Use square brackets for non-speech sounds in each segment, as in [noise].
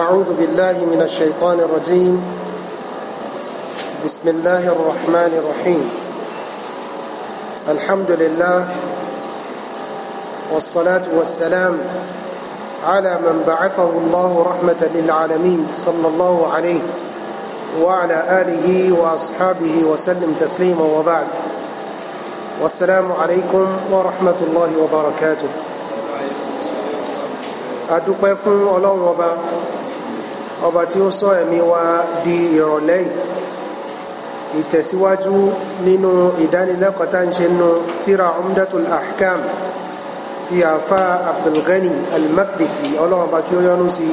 أعوذ بالله من الشيطان الرجيم بسم الله الرحمن الرحيم الحمد لله والصلاة والسلام على من بعثه الله رحمة للعالمين صلى الله عليه وعلى آله وأصحابه وسلم تسليما وبعد والسلام عليكم ورحمة الله وبركاته أدوكم فون الله وبركاته ọba tí ó sọ ẹ̀mí wa di ìrọ̀lẹ́ yìí ìtẹ̀síwájú nínú ìdánilẹ́kọ̀ọ́ tá ń ṣe nínú tíra umdatul ahkam ti àfa abdulgani almakdisi ọlọ́run ọba kí ó yọ́nú sí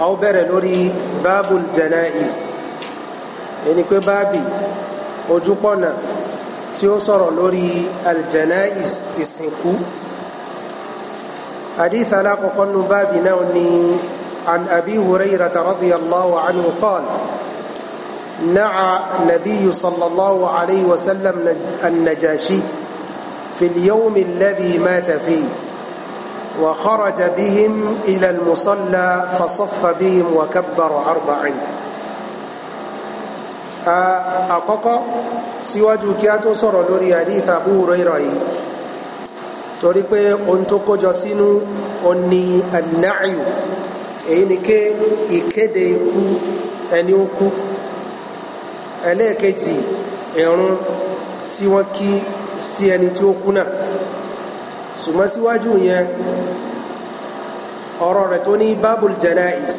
a ó bẹ̀rẹ̀ lórí babul janaiz ẹni pé báàbì ojúpọ̀nà tí ó sọ̀rọ̀ lórí aljanaiz ìsìnkú hadith alákọ̀ọ́kọ́ nínú báàbì náà ni. عن أبي هريرة رضي الله عنه قال نعى النبي صلى الله عليه وسلم النجاشي في اليوم الذي مات فيه وخرج بهم إلى المصلى فصف بهم وكبر أربعا àkọ́kọ́ síwájú kí a tó sọ̀rọ̀ lórí àdífà Abu Huraira yìí torí pé ohun tó kójọ sínú ó ní anáàyù èyí ni ké ìkéde ikú ẹni ó kú ẹlẹ́ẹ̀kejì ìrun tí wọ́n kí sí ẹni tí ó kú náà ṣùgbọ́n síwájú yẹn ọ̀rọ̀ rẹ̀ tó ní babul janais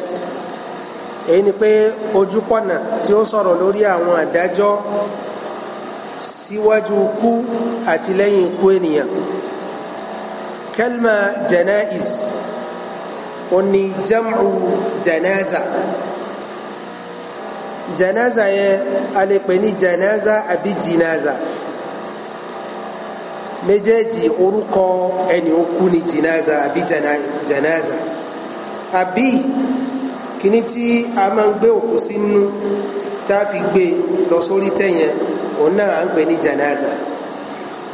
èyí ni pé ojúkọ̀nà tí ó sọ̀rọ̀ lórí àwọn àdájọ́ síwájú kú àti lẹ́yìn ikú ènìyàn kẹlma janais wọ́n ní jam'u janaza janaza yẹn a lè pè ní janaza àbí jinaza méjèèjì orúkọ ẹni okú ni jinaza àbí janaza àbí kíní tí a máa ń gbé òkú sínú tá fi gbé lọ sórí tẹ̀yẹn òun náà à ń janaza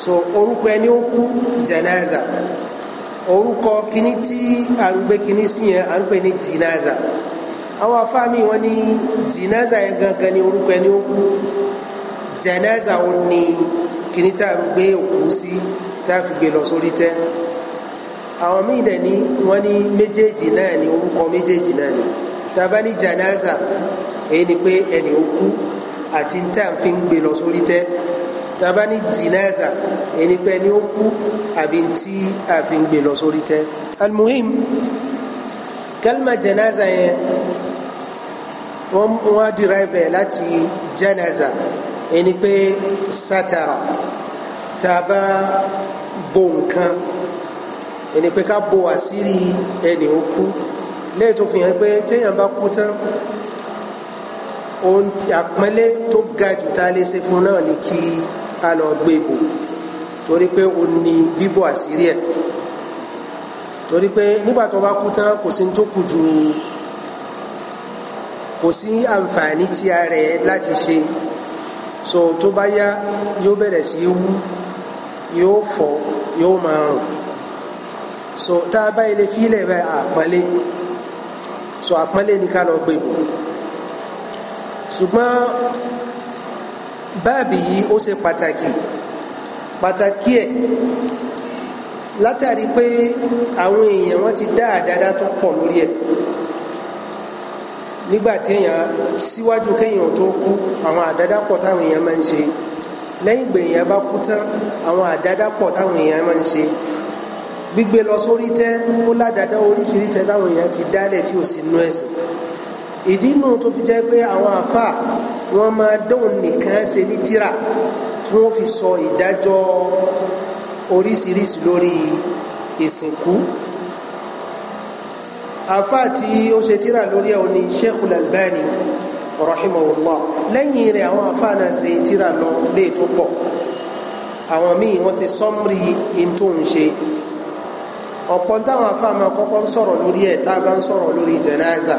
so orúkọ ẹni okú janaza orúkọ kíní tí à ń gbé kíní sí yẹn à ń pè ní jìnnàza àwọn afáàmì wọn ní jìnnàza yẹn gangan ní orúkọ ẹni ó kú jìnnàza ó ní kíní tá à ń gbé òkú sí tá a fi gbé lọ sórí tẹ àwọn míì dẹ̀ ní wọ́n ní méjèèjì náà ní orúkọ méjèèjì náà ní tá ní jìnnàza èyí ni pé ẹni ó kú àti tá à ń gbé lọ sórí tẹ tàbá ní jìnáza ẹni pé ni ó kú àbí tí a fi ń gbé lọ sórí tẹ almuhim kalma jìnáza yẹn wọ́n wọ́n derive ẹ̀ láti jìnáza ẹni pé sátara tàbá bo nǹkan ẹni pé ká bo àṣírí ẹni ó kú lẹ́yìn fi hàn pé téèyàn bá kú tán ohun àpọ́nlé tó ga jù tá a lè ṣe fún náà ni kí ká lọ gbé bò torí pé ó ní bíbò àṣírí ẹ̀ torí pé nígbà tó bá kú tán kò sí tó kù ju kò sí àǹfààní tí a rẹ̀ láti ṣe so tó bá yá yóò bẹ̀rẹ̀ sí wú yóò fọ yóò máa rùn so tá a bá ilé fílẹ̀ rẹ̀ àpọ́nlé so àpọ́nlé ni ká lọ gbé bò ṣùgbọ́n báàbì yìí ó ṣe pàtàkì pàtàkì ẹ̀ látàrí pé àwọn èèyàn wọ́n ti dá àdáda tó pọ̀ lórí ẹ̀ nígbàtí èèyàn síwájú kéèyàn tó kú àwọn àdáda pọ̀ táwọn èèyàn máa ń ṣe lẹ́yìn gbèèyàn bá kú tán àwọn àdáda pọ̀ táwọn èèyàn máa ń ṣe gbígbé lọ sórí tẹ́ ó ládàdá oríṣiríṣi tẹ́ táwọn èèyàn ti dálẹ̀ tí ò sí nú ẹ̀sìn ìdí nù tó fi jẹ́ pé àwọn àfáà wọ́n máa dóhùn nìkan ṣe ní tíra tí wọ́n fi sọ ìdájọ́ oríṣiríṣi lórí ìsìnkú àfá tí ó ṣe tíra lórí ẹ̀ ní Sheikhul Albani rahimahullah lẹ́yìn rẹ̀ àwọn àfá náà ṣe tíra lọ lè tó pọ̀ àwọn míì wọ́n ṣe sọ́mrì intóhùn ṣe ọ̀pọ̀ táwọn àfá máa kọ́kọ́ ń sọ̀rọ̀ lórí ẹ̀ tá a bá ń sọ̀rọ̀ lórí jẹ̀náìzà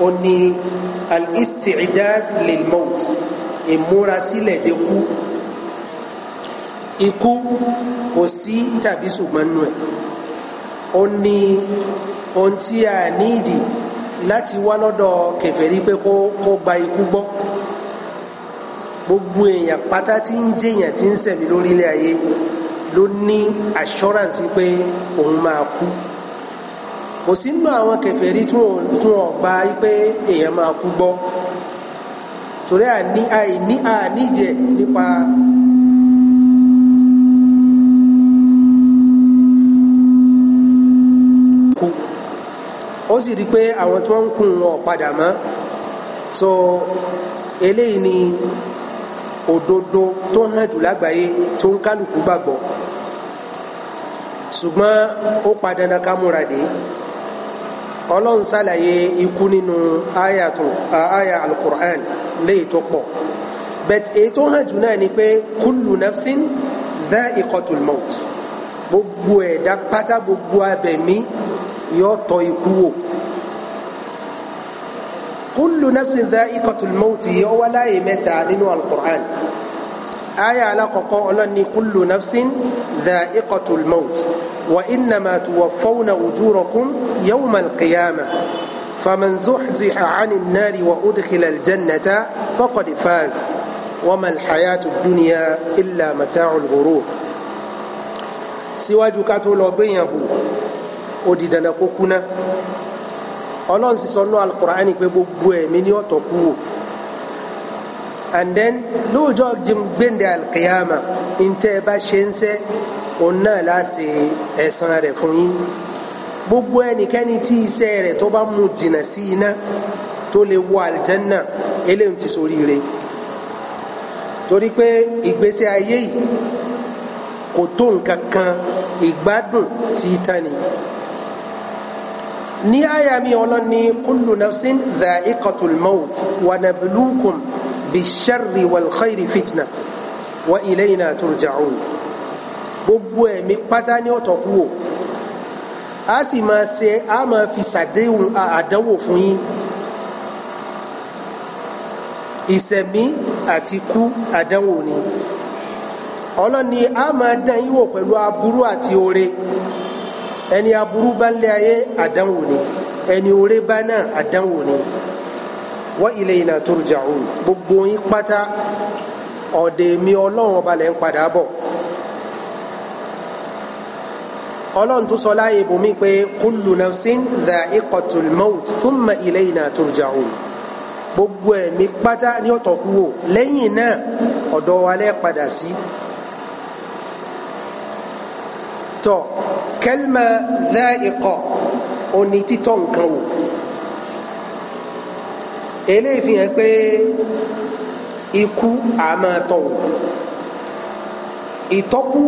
ó ní al-isti'dad lil maut ìmúrasílẹ̀ de kú ikú kò sí tàbí ṣùgbọ́n nù ẹ̀ ó ní ohun tí a nídìí láti wá lọ́dọ̀ kèfèrí pé kó kó gba ikú gbọ́ gbogbo èèyàn pátá tí ń jẹyàn tí ń ṣẹ̀mí lórílẹ̀ ayé ló ní assurance pé òun máa kú kò sí nínú àwọn kèfèrí tí wọ́n gba pé èèyàn máa kú gbọ́ torí àní àìní àníjẹ nípa kú ó sì rí pé àwọn tí wọ́n ń kún wọn padà mọ́ so eléyìí ni òdodo tó hàn jù lágbàáyé tó ń kálukú gbàgbọ́ ṣùgbọ́n ó padà dandan ká múra dé ọlọ́run ṣàlàyé ikú nínú ayatu aya alukur'an léyìí tó pọ̀ bẹ́t èyí tó hàn jù náà ni pé kullu nafsin dha'iqatul maut gbogbo ẹ̀dá pátá gbogbo abẹ̀mí yóò tọ́ ikú wò kullu nafsin dha'iqatul maut yìí ó wà láàyè mẹ́ta nínú alukur'an aya alakọ̀kọ́ ọlọ́ni kullu nafsin dha'iqatul maut. وإنما توفون أجوركم يوم القيامة فمن زحزح عن النار وأدخل الجنة فقد فاز وما الحياة الدنيا إلا متاع الغرور síwájú ká tó lọ gbéyàn bò ó di dandan kó kúná ọlọ́run sì sọ nú alukur'ani pé gbogbo ẹ̀mí ní ọ̀tọ̀ kú wò and then lóòjọ́ gbẹ̀ndẹ̀ alkiyama ntẹ́ ẹ bá ṣe ń sẹ́ òun náà láṣe ẹ̀san rẹ̀ fún yín gbogbo ẹnikẹ́ni tí iṣẹ́ rẹ̀ tó bá mú jìnnà sí iná tó lè wọ àlìjẹ́nà eléyìí ti ṣoríire torí pé ìgbésí ayé yìí kò tó nǹkan kan ìgbádùn tí í ni ní àyà mi ọlọ́run ní kullu nafsin dha'iqatul maut wa nabluukum bish-sharri wal khayri fitna wa ilayna turja'un gbogbo ẹ̀mí pátá ní ọ̀tọ̀ kú o a sì máa ṣe a máa fi ṣàdéhùn àdánwò fún yín ìṣẹ̀mí àti kú àdánwò ni ọlọ́ni a máa dán yín wò pẹ̀lú aburú àti oore ẹni aburú bá ń lé ayé àdánwò ni ẹni oore bá náà àdánwò ni wa ilayna turja'un gbogbo yín pátá ọ̀dẹ̀ mi ọlọ́run ọba ń padà bọ̀. ọlọ́run tó sọ láàyè bòmí pé kullu nafsin dha'iqatul maut thumma ilayna turja'un gbogbo ẹ̀mí pátá ní ọ̀tọ̀ kú wò lẹ́yìn náà ọ̀dọ̀ wa lẹ́ padà sí. tọ kẹlmẹ dha'iqa oní títọ́ nǹkan wò eléyìí fi hàn pé ikú àmọ́ tọ̀ wò ìtọ́kú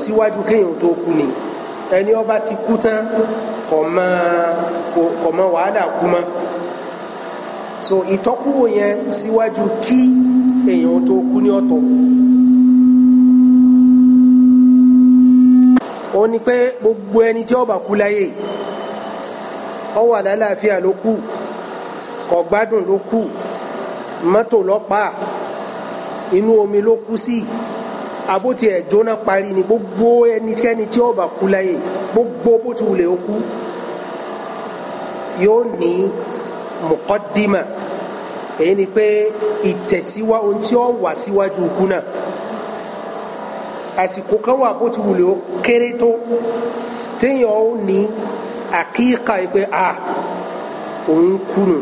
síwájú kéèyàn tó kú ni. Si ẹni ọba ti kú tán kò mọ wàhálà kú mọ́ so ìtọ́kùwò yẹn síwájú kí èèyàn tó kú ní ọ̀tọ̀ ó ní pé gbogbo ẹni tí ó bá kú láyé ó wà lálàáfíà ló kù kò gbádùn ló kù mọ́tò ló inú omi ló kú sí. Si àbótí ẹ̀ jóná parí ni gbogbo ẹnikẹ́ni tí ó kú láyé gbogbo bó ti wulẹ̀ ó yóò ní mọ̀kọ́dímà èyí ni pé ìtẹ̀síwá ohun tí ó wà síwájú ikú náà àsìkò kan wà bó ti wulẹ̀ ó kéré tó téèyàn ó ní àkíkà pé a òun kùnù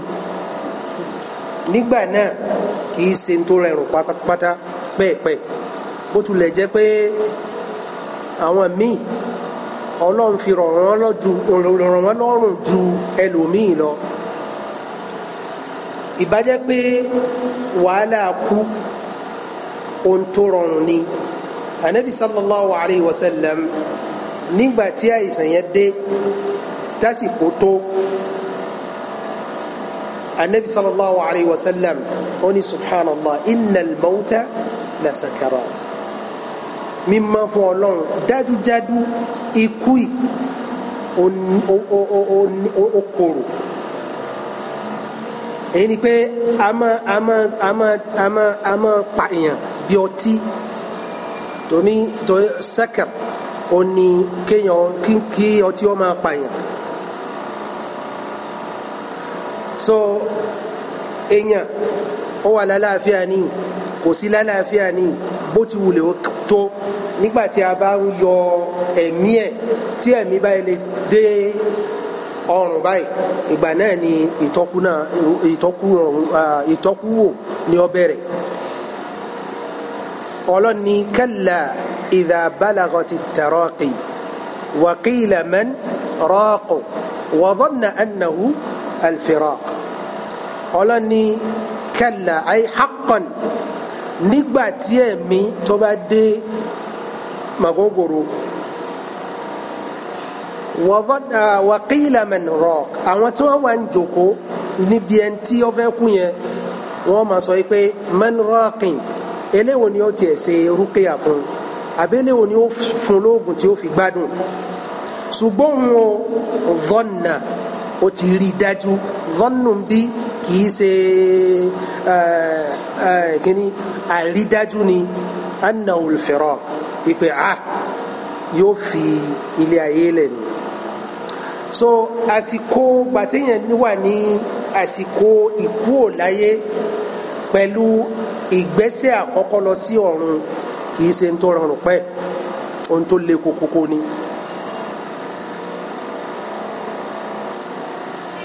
nígbà náà kì í ṣe tó rẹrùn pátápátá pẹ́ẹ́pẹ́ẹ́ bó tulẹ̀ jẹ́ pé àwọn míì ọlọ́run fi rọ̀ wọ́n lọ́rùn ju ẹlòmíì lọ ìbájẹ́ pé wàhálà kú ohun tó rọrùn ni anabi sallallahu alayhi wa sallam nígbà tí àìsàn yẹn dé tásìkò tó anabi sallallahu alayhi wa sallam ó subhanallah innal mawta la sakarat mímọ́ fún ọlọ́run dájúdájú ikú yìí ó korò èyí ni pé a máa a máa a máa a máa a máa pa èèyàn bí ọtí tòní tó sẹ́kẹ̀p ó ní kéèyàn kí ọtí ó máa pa èèyàn so èèyàn ó wà lálàáfíà ní kò sí lálàáfíà ní bó ti wulẹ̀ tó nígbà tí a bá ń yọ ẹ̀mí ẹ̀ tí ẹ̀mí báyìí lè dé ọrùn báyìí ìgbà náà ni ìtọ́kú náà ìtọ́kú ìtọ́kú wò ni ó bẹ̀rẹ̀ ọlọ́ni kalla idha balagati taraqi wa qila man raqu wa dhanna annahu alfiraq ọlọ́ni kalla ay haqqan nígbà ẹ̀mí tó bá dé magogoro wàkìlà man raq àwọn tí wọ́n wà ń jòkó níbi ẹni tí ó fẹ́ kú yẹn wọ́n máa sọ pé man raqin eléwo ni ó tiẹ̀ ṣe rúkìá fún àbẹ́lẹ́wo ni ó fún lóògùn tí ó fi gbádùn ṣùgbọ́n wọn ò vọ́nà ó ti rí i dájú vọ́nù bí kìí ṣe eh, eh, kíní àrídájú ni anna olùfẹ́ràn ipe a ah, yóò fi ilé ayé lẹ̀ ni so àsìkò gbàtẹ́yìn wà ní àsìkò ìkú òláyé pẹ̀lú ìgbésẹ̀ àkọ́kọ́ lọ sí ọ̀run kìí ṣe ń tó rọrùn pẹ́ ohun tó le kókókó ni.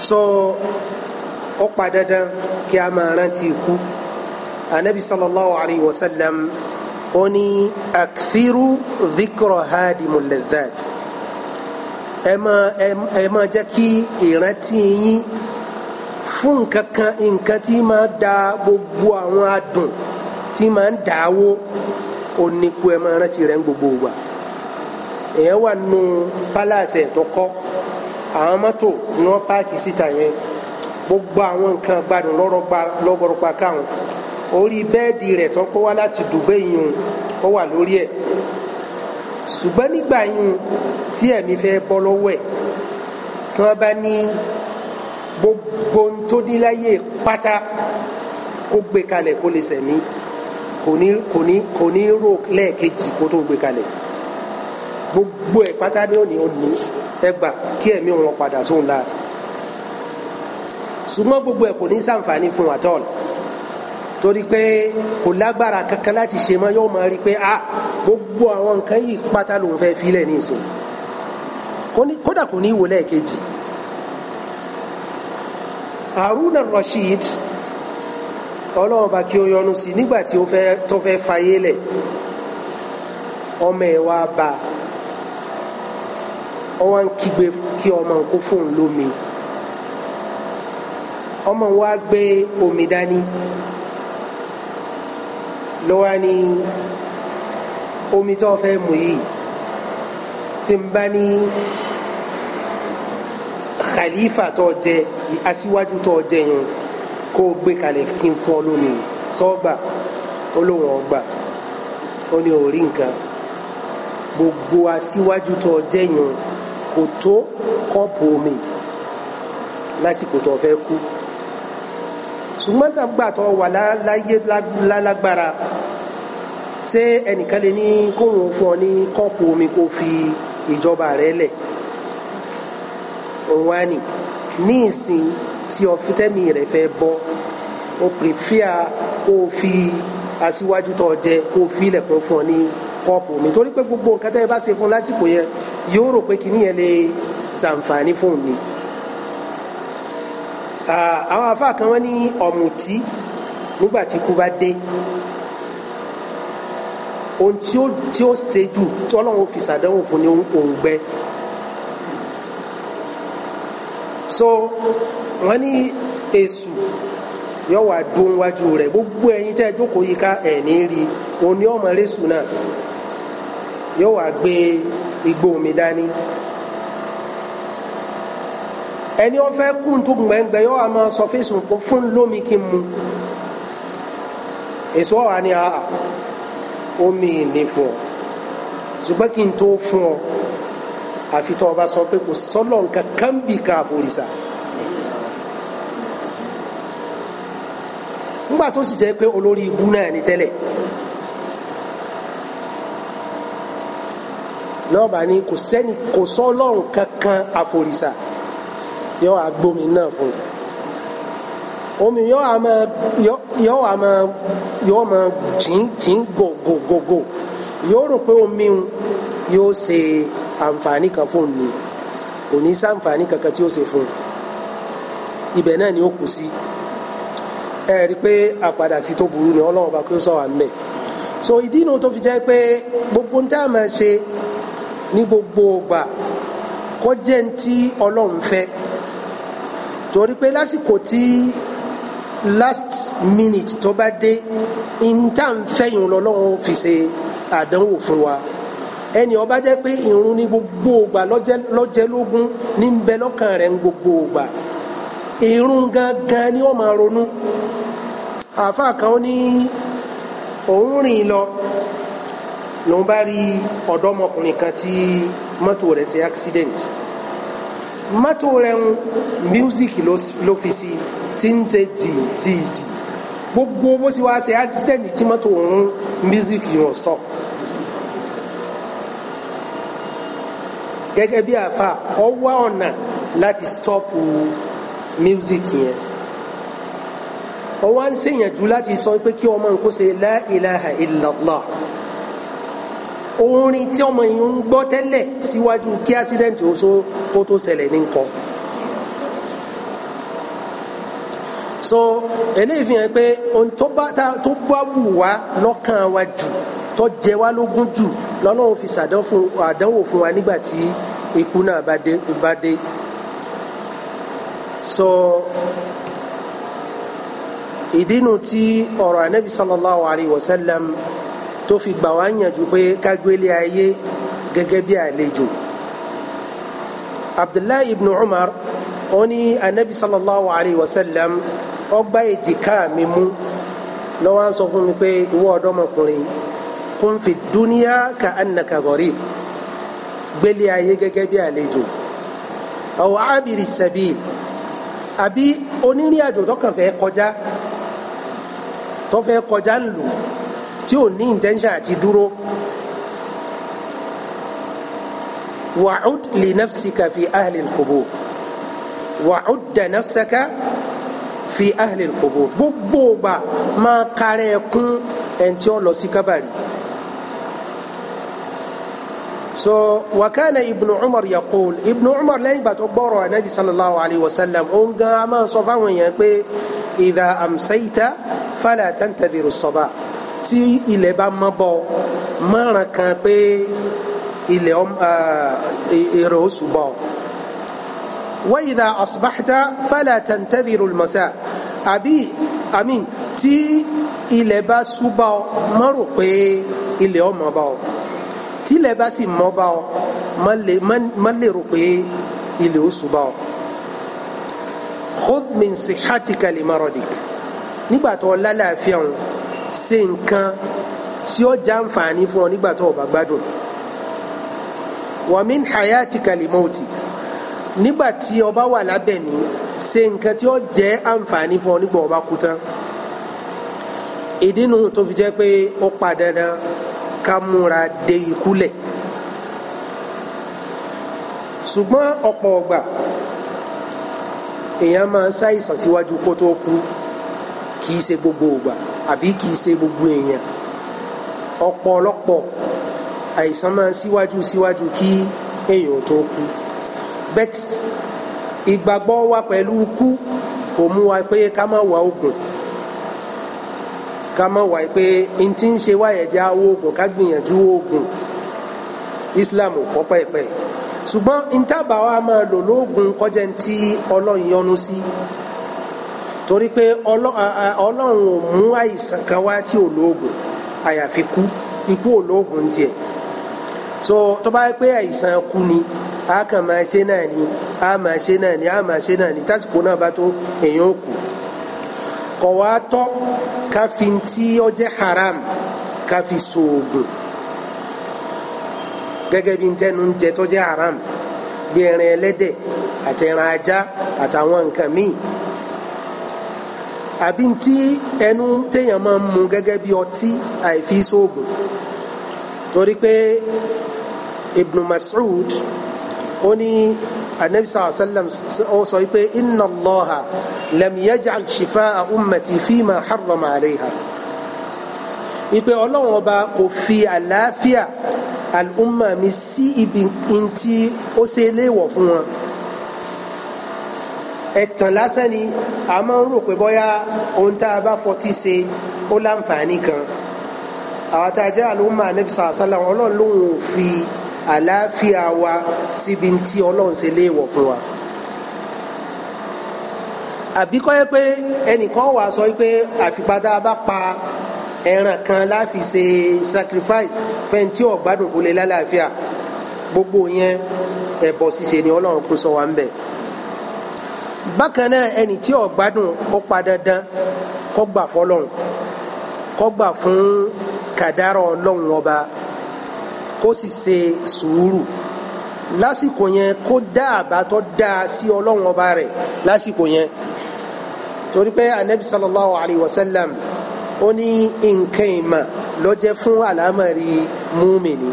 so ó pa dandan kí a máa rántí ikú anabi sallallahu alayhi wa sallam ó ní akthiru dhikra hadimu ladhat ẹ máa ẹ máa jẹ́ kí ìrántí yín fún nǹkan da gbogbo àwọn adùn ẹ rántí ń gbogbo wa èèyàn wà nù tó àwọn síta yẹn gbogbo àwọn pa káwọn orí bẹ́ẹ̀dì rẹ̀ tó kó wá láti dùgbẹ́ yìí ó wà lórí ẹ̀ ṣùgbọ́n nígbà yìí tí ẹ̀mí fẹ́ bọ́ lọ́wọ́ ẹ̀ tí wọ́n bá ní gbogbo tó ní láyé pátá kó gbé kalẹ̀ kó lè sẹ̀mí kò ní kò ní kò ní rò lẹ́ẹ̀kejì kó tó gbé kalẹ̀ gbogbo ẹ̀ pátá ni ó ní ó ní ẹgbà kí ẹ̀mí wọn padà sóun la ṣùgbọ́n gbogbo ẹ̀ kò ní sàǹfààní fún wa tọ́ọ̀lù torí pé kò lágbára kankan láti ṣe mọ́ yóò máa rí pé a ah, gbogbo àwọn nǹkan yìí pátá lòun fẹ́ filẹ̀ ní kódà kò ní wò lẹ́ẹ̀kejì Haruna Rashid ọlọ́run bá kí ó yọ́nú sí nígbà tí ó fẹ́ tó fẹ́ fayé lẹ̀ ọmọ ẹ̀ wá bá ọ wá ń kígbe kí ọmọ kó fóun lómi ọmọ wa gbé omi dání lọ́wọ́ ni omi tó fẹ́ mu yìí tí n bá ní khalifa tó jẹ aṣíwájú tó jẹ yẹn kó o gbé kalẹ̀ kí n fọ́ lómi sọ́ọ̀gbà olóhùn ọgbà ó ní orí nǹkan gbogbo aṣíwájú tó jẹ yẹn kò tó kọ́ọ̀pù omi lásìkò tó fẹ́ kú ṣùgbọ́n tàgbà tó wà láyé lálágbára ṣé ẹnìkan lè ní kóhùn fún ọ ní kọ́ọ̀pù omi kó fi ìjọba rẹ lẹ̀ òun á nì ní ìsìn tí ọfitẹ́mi rẹ̀ fẹ́ bọ́ o pèfíà kó o fi aṣíwájú tó jẹ kó o fi ilẹ̀kùn fún ọ ní kọ́ọ̀pù omi torí pé gbogbo nǹkan tẹ́ ẹ bá ṣe fún lásìkò yẹn yóò rò pé kìnìyẹn lè ṣàǹfààní fún mi àwọn afá kan wọ́n ní ọ̀mùtí nígbà tí kú bá dé ohun tí ó tí ó ṣe jù tí ọlọ́run fi ṣàdánwò fún ni òun gbẹ so wọ́n ní èṣù yóò wá dún wájú rẹ̀ gbogbo ẹ̀yin tẹ́ jókòó yìí ká ẹ̀ ní rí òun ni ọmọ rẹ̀ sùn náà yóò wá gbé igbó omi dání ẹni ó fẹ́ kúntù gbẹ̀ngbẹ̀ yóò wá máa sọ fèsì nǹkan fún lómi kí n mu èso ọ̀hà ni a omi ìní fún ọ ṣùgbọ́n kí n tó fún ọ àfi tó o bá sọ pé kò sọ́lọ̀ nǹkan kan bì ká àforìṣà nígbà tó sì jẹ́ pé olórí ibú náà ni tẹ́lẹ̀ lọ́ọ̀bà ni kò sẹ́ni kò sọ́lọ̀ nǹkan kan àforìṣà yọ agbómi náà fún omi yọ àmà yọ àmà yọ àmà jìn jìn gògògògò yóò rò pé omi yóò ṣe àǹfààní kan fún mi kò ní sàǹfààní kankan tí ó ṣe fún ibẹ̀ náà ni ó kù sí ẹ rí pé àpàdà sí tó burú ni ọlọ́run bá kí ó sọ wà ń bẹ̀ so ìdí inú tó fi jẹ́ pé gbogbo ń tá a máa ṣe ní gbogbo ọgbà kọjẹ́ ń tí ọlọ́run fẹ́ torí pé lásìkò tí last minute tó bá dé ìta ń fẹ́yìn lọ́lọ́run fi ṣe àdánwò fún wa ẹni ó bá jẹ́ pé ìrun ní gbogbo ògbà lọ́jẹ́lógún ní ń bẹ lọ́kàn rẹ̀ ń gbogbo ògbà ìrun gangan ni wọ́n máa ronú àáfàá kan ní òun rìn lọ lòun bá rí ọ̀dọ́mọkùnrin kan tí mọ́tò rẹ̀ ṣe accident mọ́tò rẹ̀ music ló fi sí tí ń tẹ jìjìjì gbogbo bó sì wá ṣe accident tí mọ́tò ń music yóò stop. gẹ́gẹ́ bí àfa ọ wá ọ̀nà stop music yẹn ọ wá ń ṣèyànjú láti sọ pé kí ọmọ nǹkó ṣe la ilaha illallah orin tí ọmọ yìí ń gbọ́ tẹ́lẹ̀ síwájú kí accident ó tó ṣẹlẹ̀ ní nǹkan. so eléyìí fi hàn pé ohun tó bá tó bá wù wá lọ́kàn wa jù tó jẹ wá lógún jù lọ́lọ́run fi ṣàdánwò fún wa nígbà tí ikú náà bá dé bá dé. so ìdí nu ti ọ̀rọ̀ anabi sallallahu alayhi wa sallam tó fi gbà wá yànjú pé ká gbélé ayé gẹ́gẹ́ bí àlejò abdullahi ibn umar ó ní anabi sallallahu alayhi wa sallam ó gbá èjìká mi mú lọ́wọ́ sọ fún mi pé ìwọ ọ̀dọ́mọkùnrin kun fi dúníyà ka annaka gharib gbélé ayé gẹ́gẹ́ bí àlejò aw abiri sabil àbí onírìn àjò tó kàn fẹ́ kọjá tó fẹ́ kọjá ń lò tí ò ní intention àti dúró wa'ud li nafsika fi ahli al-qubur wa'ud nafsaka fi ahli al-qubur gbogbo gbà máa kárẹ̀ kún ẹni tí ó lọ sí kábàrí. so wakana ibnu umar yaqul ibnu umar lẹ́yìn gbàtọ gbọrọ anabi sallallahu alayhi wa sallam ó ń gan a máa sọ fáwọn èèyàn pé idha amsayta fala tantabiru as tí ilẹ̀ bá mọ́ bọ́ márùn kan pé ilẹ̀ èrè oṣù bọ́ wa idha asbahta fala tantadhiru al-masa àbí àmín tí ilẹ̀ bá ṣú bọ́ mọ́ rò pé ilẹ̀ ọmọ bọ́ tí ilẹ̀ bá sì mọ́ bọ́ mọ́ lè pé ilẹ̀ oṣù bọ́ khudh min sihhatika li maradik nígbà tó lálàáfíà ṣe nǹkan tí ó já nfààní fún ọ nígbà tó o bá gbádùn wàmín hayati kalimoti nígbà tí o bá wà lábẹ́ mi ṣe nǹkan tí ó jẹ́ àǹfààní fún ọ nígbà o bá kú tán ìdí nu tó fi jẹ́ pé ó pa dandan ká múra de ikú ṣùgbọ́n ọ̀pọ̀ ọgbà èèyàn máa ń ṣàìsàn síwájú kó tó kú kì í ṣe gbogbo ọgbà àbí kì í ṣe gbogbo èèyàn ọ̀pọ̀lọpọ̀ àìsàn máa ń síwájú síwájú kí èèyàn tó kú bet ìgbàgbọ́ wa pẹ̀lú kú kò mú wa pé ká má wá oògùn ká má wá pé n ti ń ṣe wáyẹ̀ jẹ́ àwọn ká gbìyànjú oògùn Islam ò kọ́ pẹ́ẹ́pẹ́ẹ́ ṣùgbọ́n ntaba wa máa lò lóògùn kọjá ti Ọlọ́run yọ́nú sí. Si torí pé ọlọ́run mú àìsàn kan wá tí olóògùn àyàfi kú ikú olóògùn tiẹ̀ so tó bá pé àìsàn ni a kàn máa ṣe náà ni a máa ṣe náà ni a máa ṣe náà ni tásìkò náà bá tó èèyàn ò kú kọ̀ wá tọ́ ká haram ká fi gẹ́gẹ́ bí ń jẹ tó jẹ́ haram bí ẹran ẹlẹ́dẹ̀ àti ẹran ajá àtàwọn nǹkan míì àbí tí ẹnu téèyàn máa ń mu gẹ́gẹ́ bí ọtí àìfi sóògùn torí pé Ibn Mas'ud ó ní anabi sallallahu alayhi wa sallam ó sọ pé inna Allaha lam yaj'al shifa'a ummati fima harrama alayha ọlọ́run ọba kò fi àlàáfíà al mi sí ibi ntí ó ṣe léèwọ̀ fún wọn ẹ̀tàn lásán ni a máa ń rò pé bóyá ohun tá a bá fọtí ṣe ó láǹfààní kan àwọn tá a jẹ́ àlùmọ́ ànábì sàásálà ọlọ́run lòun ò fi àlàáfíà wa síbi tí ọlọ́run ṣe léèwọ̀ fún wa àbí kọ́ yẹ pé ẹnìkan wà sọ pé àfipádà bá pa ẹran kan láfi ṣe sacrifice fẹ́ntì ọ̀gbádùn kò lè lálàáfíà gbogbo yẹn ẹbọ ṣíṣe ni ọlọ́run kò sọ wa ń bẹ bákan náà ẹni tí ó gbádùn ó pa dandan kó gbà fọ́lọ́run kó gbà fún kàdárà Ọlọ́run ọba kó sì ṣe sùúrù lásìkò yẹn kó dá àbá tó dá sí Ọlọ́run ọba rẹ̀ lásìkò yẹn torí pé anabi sallallahu alayhi wa sallam ó ní nǹkan ìmọ̀ ló fún àlámọ̀rí múmìnì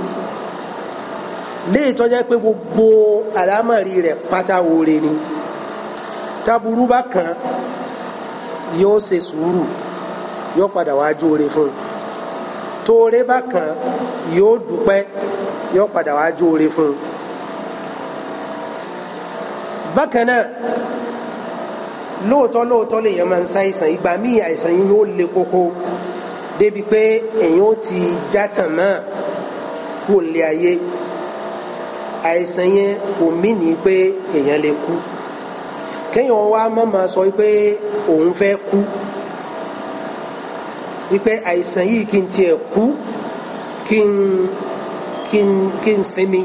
léètọ́ pé gbogbo àlámọ̀rí rẹ̀ pátá wọlé ni. Pata taburú bá kàn yóò ṣe sùúrù yóò padà wá jóore fún un tóore bá kàn yóò dúpẹ́ yóò padà wá jóore fún bákan náà lóòótọ́ lóòótọ́ lèèyàn máa ń ṣàìsàn ìgbà míì àìsàn yìí yóò le koko débi pé èèyàn ó ti játàn mọ́ kó lè ayé àìsàn yẹn kò mí ní pé èèyàn lè kú kéèyàn wá má máa sọ pé òun fẹ́ kú wípé àìsàn yìí kí n tiẹ̀ kú kí n kí n kí n sinmi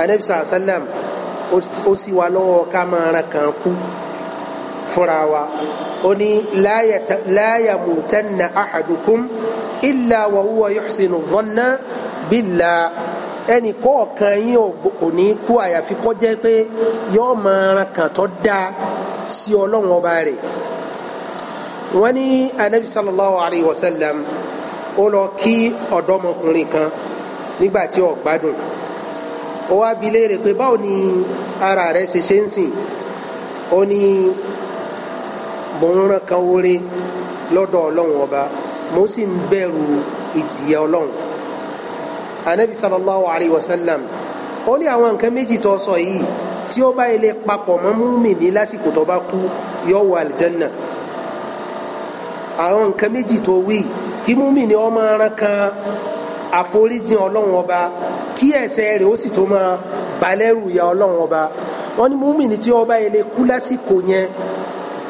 anabi sàlám ó sì wá lọ́wọ́ ká máa ran kan kú fúnra wa ó ní la yamutanna ahadukum illa wa huwa yuhsinu dhanna billah ẹnì kọ̀ọ̀kan yín kò ní kú àyàfi kó jẹ́ pé yọ́ọ́ máa ran kàn tó dáa sí ọlọ́run ọba rẹ̀ wọ́n ní anabi sallallahu alayhi wa sallam ó lọ kí ọ̀dọ́mọkùnrin kan nígbà tí ó gbádùn ó wá bi léèrè pé báwo ni ara rẹ̀ ṣe ṣe ń sìn ó ní mò ń ran kan wọlé lọ́dọ̀ ọlọ́run ọba mo sì ń bẹ̀rù ìjìyà ọlọ́run anabi sallallahu alayhi wa sallam ó ní àwọn nǹkan méjì tó sọ yìí tí ó bá ilé papọ̀ mọ́ mùmínì lásìkò tó bá kú yóò wọ àlìjánà àwọn nǹkan méjì tó wí kí mùmínì ó máa rán kan àforíjì ọlọ́run ọba kí ẹ̀ṣẹ̀ rẹ̀ ó sì tó máa balẹ̀rù ya ọlọ́run ọba wọ́n ní mùmínì tí ó ilé kú lásìkò yẹn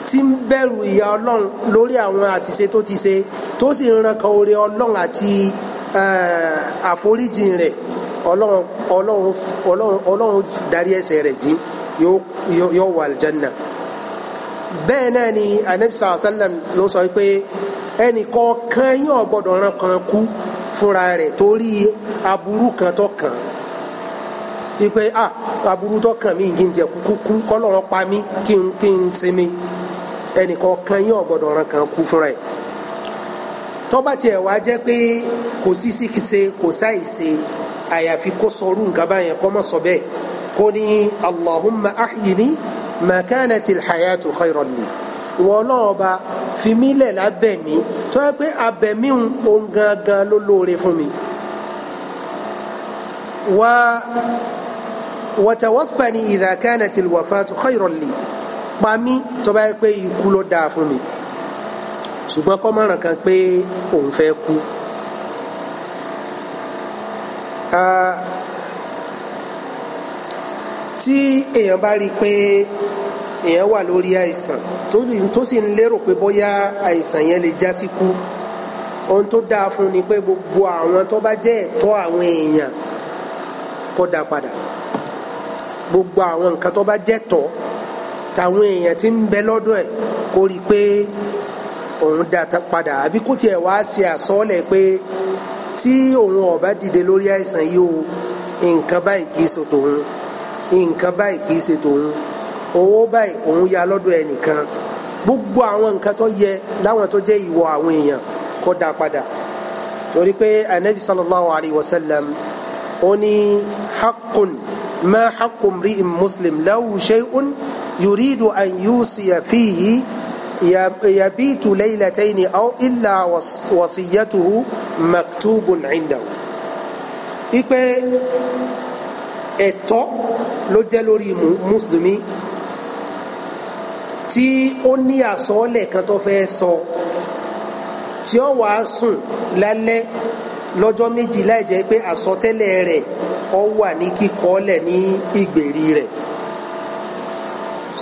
tí ń bẹ̀rù ìyà ọlọ́run lórí àwọn àṣìṣe tó ti ṣe tó sì ń rankan oore ọlọ́run àti Eh, àforíjìn rẹ̀ ọlọ́run ọlọ́run ọlọ́run ọlọ́run darí ẹ̀ṣẹ̀ rẹ̀ jìn yóò wà aljanna bẹ́ẹ̀ náà ni anabisa asalam ló sọ pé ẹnì kọ̀ọ̀kan yóò gbọ́dọ̀ ran kan kú fúnra rẹ̀ torí aburú kan tó kàn wípé ah aburú tó kàn mí kí n jẹ kúkú kú kọ́lọ́run pa mí kí n sinmi ẹnì kọ̀ọ̀kan yóò gbọ́dọ̀ ran kan kú fúnra rẹ̀ tọ́ba tiẹ̀ wá jẹ́ pé kò sí síkìsẹ kò sáì se àyàfi kó sọrú nǹkan báyẹn kó má sọ bẹ́ẹ̀ kó ní allahumma ahyini makanati alhayatu khayran li wọn náà ba fi mí lẹ̀ lábẹ́ mi tó yẹ pé abẹ̀mí òun gangan ló lóore fún mi. wa watawaffani idha kanati alwafatu pa mí tó bá pé ikú ló dáa fún mi ṣùgbọ́n kọ́mọ̀ràn kan pé òun fẹ́ kú. tí èèyàn bá rí i pé èèyàn wà lórí àìsàn tó sì ń lérò pé bóyá àìsàn yẹn lè já sí kú ohun tó dáa fún ni pé gbogbo àwọn tó bá jẹ́ ẹ̀tọ́ àwọn èèyàn kó dá padà gbogbo àwọn nǹkan tó bá jẹ́ tọ́ tàwọn èèyàn tí ń bẹ lọ́dọ̀ ẹ̀ kó rí i pé òun dá padà àbí kó tiẹ̀ wá ṣe àsọlẹ̀ pé tí òun ọba dìde lórí àìsàn yìí o nǹkan báyìí kì í ṣe tòun nǹkan báyìí kì í ṣe tòun owó báyìí òun ya lọ́dọ̀ ẹnìkan gbogbo àwọn nǹkan tó yẹ láwọn tó jẹ́ ìwọ àwọn èèyàn kó dá padà torí pé anabi sallallahu alayhi wa sallam ó ní haqqun ma haqqu mri'in muslim lahu shay'un yuridu an yusiya fihi. يبيت ليلتين أو إلا وصيته مكتوب عنده ipe ẹ̀tọ́ ló jẹ́ lórí mùsùlùmí tí ó ní àsọọ́lẹ̀ kan tó fẹ́ sọ tí ó wàá sùn lálẹ́ lọ́jọ́ méjì láì jẹ́ pé àsọtẹ́lẹ̀ rẹ̀ ó wà ní kíkọọ́lẹ̀ ní ìgbèrí rẹ̀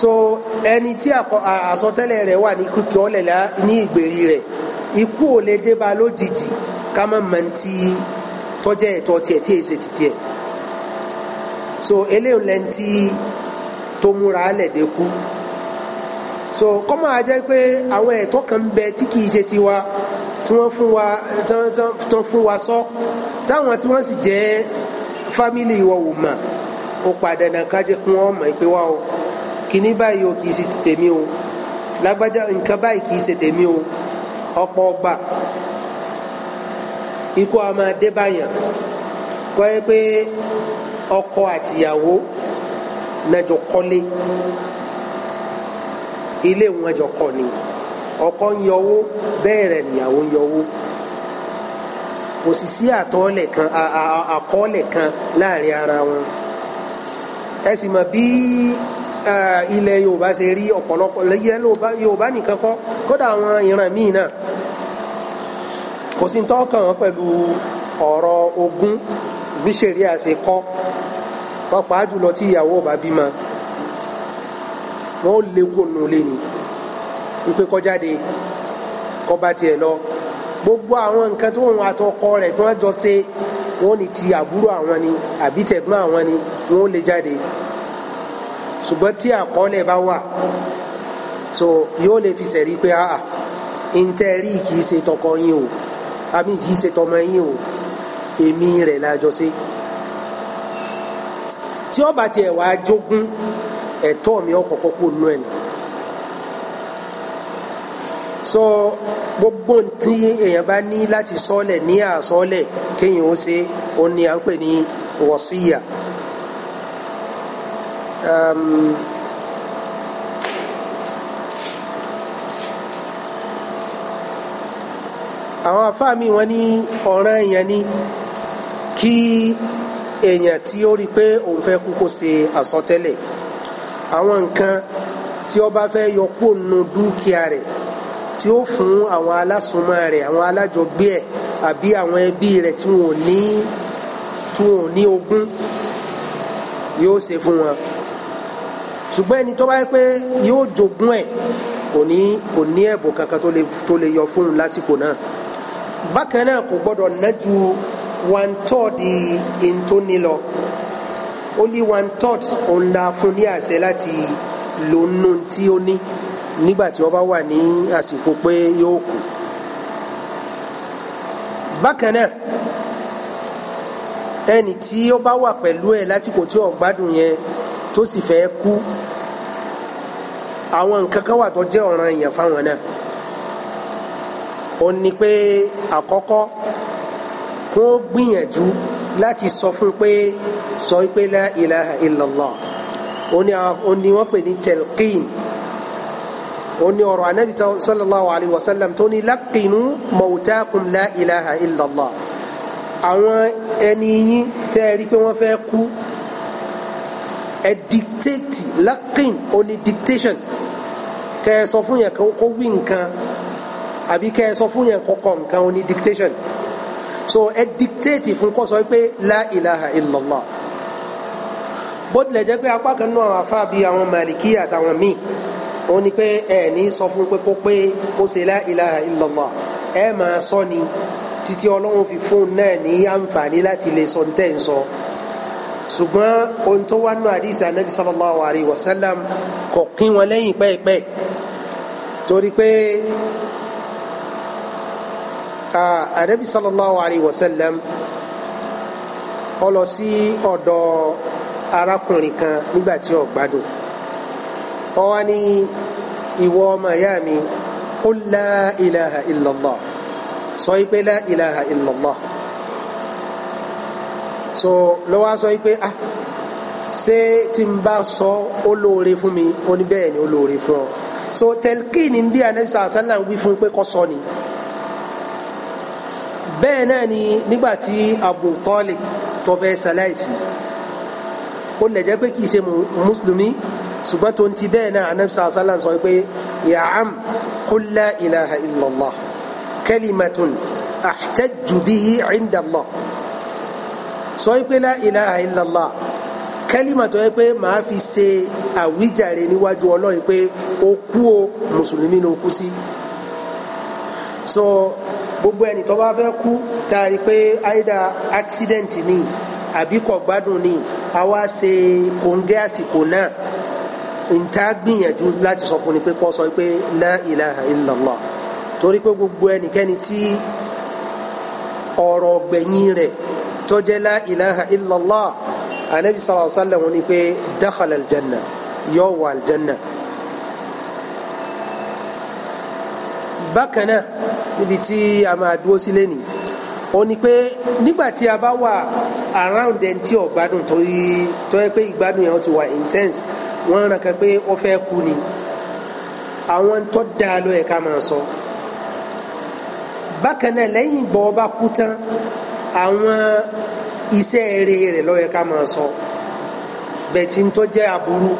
so ẹni tí àsọtẹ́lẹ̀ rẹ̀ wà ní kíkẹ́ ọ̀lẹ̀lá ní ìgbèrí rẹ̀ ikú ò lè dé ba lójijì ká má mọ ti tọ́jẹ́ ẹ̀tọ́ tiẹ̀ tí èsè títí ẹ̀ so eléyìí lẹ́ni tí tó múra lẹ̀dẹ́ kú so kọ́mọ ajẹ́ pé àwọn ẹ̀tọ́ kan bẹ tí kìí ṣe tiwa tí wọ́n fún wa tán fún wa sọ táwọn tí wọ́n sì jẹ́ fámìlì ìwọ̀ wò mà ó padà nà kájẹ́ kí wọ́n mọ̀ pé wá o. kíní báyìí o kìí ṣe ti tèmi o lágbájá nǹkan báyìí kìí ṣe tèmi o ọ̀pọ̀ ọgbà ikú a máa kọ́ ẹ pé ọkọ àtìyàwó náà jọ kọ́lé ilé wọn jọ kọ́ ni ọkọ ń yọwó bẹ́ẹ̀ rẹ̀ nìyàwó ń yọwó kò sì sí àtọ́lẹ̀ kan àkọọ́lẹ̀ kan láàrin ara wọn ẹ sì mọ̀ bí ilẹ̀ yorùbá ṣe rí ọ̀pọ̀lọpọ̀ lẹ́yìn yorùbá nìkan kọ́ kódà àwọn ìran míì náà kò sí tọ́kàn wọn pẹ̀lú ọ̀rọ̀ ogún bí ṣẹ̀ríà ṣe kọ́ pàápàá jùlọ tí ìyàwó bá bímọ wọn ò lè gbòòrùn lé ni wípé kọjáde kọba tiẹ̀ lọ gbogbo àwọn nǹkan tó ń àtọkọ rẹ̀ tó ń jọ ṣe wọn ò ní ti àbúrò àwọn ni àbí tẹ̀gbọ́n àwọn ni wọn ò lè jáde ṣùgbọ́n tí àkọọ́lẹ̀ bá wà so yóò lè fi sẹ̀rí pé àà ah, ah, ntẹ́rí kìí ṣe tọkọ yín o àmì kìí ṣe tọmọ yín o èmi rẹ̀ lájọ ṣe tí ó bá tiẹ̀ jogún ẹ̀tọ́ mi ọkọ̀ọ̀kọ̀ kò nú ẹ̀ nà so gbogbo tí èèyàn bá ní láti sọ́lẹ̀ ní àsọ́lẹ̀ kéèyàn ó ṣe ó ní à ń pè ní wọ̀síyà. So, um, àwọn afáàmì wọn ní ọ̀ràn yẹn ni kí èèyàn tí ó rí i pé òun fẹ́ kú kó ṣe àsọtẹ́lẹ̀ àwọn nǹkan tí ó bá fẹ́ yọ kó nu dúkìá rẹ̀ tí ó fún àwọn alásùnmọ́ rẹ̀ àwọn alájọgbé ẹ̀ àbí àwọn ẹbí rẹ̀ tí wọn ò ní tí wọn ò ní ogún yóò ṣe fún wọn ṣùgbọ́n ẹni tó bá yẹ pé yóò jogún ẹ̀ kò ní kò ní ẹ̀bùn kankan tó lè tó lè yọ fún un lásìkò náà bákan náà kò gbọ́dọ̀ ná ju one third in tó ní lọ ó ní one third òun la fún ní àṣẹ láti lò nù tí ó ní nígbà tí ó bá wà ní àsìkò pé yóò kú bákan náà ẹni tí ó bá wà pẹ̀lú ẹ̀ lásìkò tí ó gbádùn yẹn tó sì fẹ́ kú àwọn nǹkan kan wà tó jẹ́ ọ̀ràn èèyàn fáwọn náà ó ní pé àkọ́kọ́ wọ́n gbìyànjú láti sọ fún pé sọ pé la ilaha illallah ó ní wọ́n pè ní telqin ó ní ọ̀rọ̀ anabi sallallahu alayhi wa sallam tó ní laqinu mawtakum la ilaha illallah àwọn ẹni yín tẹ́ ẹ rí pé wọ́n fẹ́ kú ẹ dictate lakin ó ní dictation kẹ ẹ sọ fún yẹn kó wí nǹkan àbí kẹ ẹ sọ fún yẹn kó kọ nǹkan ó ní dictation so ẹ dictate fún kó sọ pé la ilaha illallah bó tilẹ̀ jẹ́ pé apá kan nú àwọn afá bíi àwọn màlìkí àtàwọn míì ó ní pé ẹ ní sọ fún pé kó pé kó ṣe la ilaha illallah ẹ máa sọ ni títí ọlọ́run fi fún náà ní àǹfààní láti lè sọ ní tẹ́ ń sọ. So ṣùgbọ́n ohun tó wá nù àdìsí anabi sallallahu alayhi wa sallam kò kín wọn lẹ́yìn pẹ́ẹ́pẹ́ torí pé anabi sallallahu alayhi wa sallam ó lọ sí ọ̀dọ̀ arákùnrin kan nígbà tí ó gbádùn ó wá ní ìwọ ọmọ ìyá mi qul la ilaha illallah sọ yìí pé la ilaha illallah so ló wá sọ pé ah ṣé tí n bá sọ ó lóore fún mi ó ní bẹ́ẹ̀ ni ó lóore fún ọ so telkin bí anabi sàásánlá ń wí fún pé kó sọ ni bẹ́ẹ̀ náà ni nígbà tí Abu Talib tó fẹ́ ó lè pé kì í ṣe mùsùlùmí ṣùgbọ́n tó ń ti bẹ́ẹ̀ náà anabi sàásánlá sọ pé ya am ilaha illallah kalimatun ahtajju bihi sọ pé la ilaha illallah kẹ́límà tó yẹ pé màá fi ṣe àwíjàre níwájú ọlọ́run pé ó kú o mùsùlùmí ló kú sí. so gbogbo ẹni tó bá fẹ́ kú tá a rí pé àìdá accident ni àbí kò gbádùn ni a wá ṣe kòńgẹ́ àsìkò náà nta gbìyànjú láti sọ fún ni pé kó sọ pé la ilaha torí pé gbogbo ẹnikẹ́ni tí ọ̀rọ̀ gbẹ̀yìn rẹ̀ tó jẹ́ la ilaha illallah anabi sallallahu alayhi wa sallam ní pé dakhala aljanna yóò wà aljanna. bákan náà níbi tí a máa dúró sílé ni ó ní pé nígbà tí a bá wà around ẹni tí ò torí tó yẹ pé ìgbádùn yẹn ti wà intense wọ́n ràn kan pé ó fẹ́ kú ni àwọn tó dáa ló yẹ ká máa sọ bákan náà lẹ́yìn ìgbà ọba kú tán àwọn iṣẹ́ eré rẹ̀ ló yẹ ká máa sọ bẹ̀tí ń tó jẹ́ aburú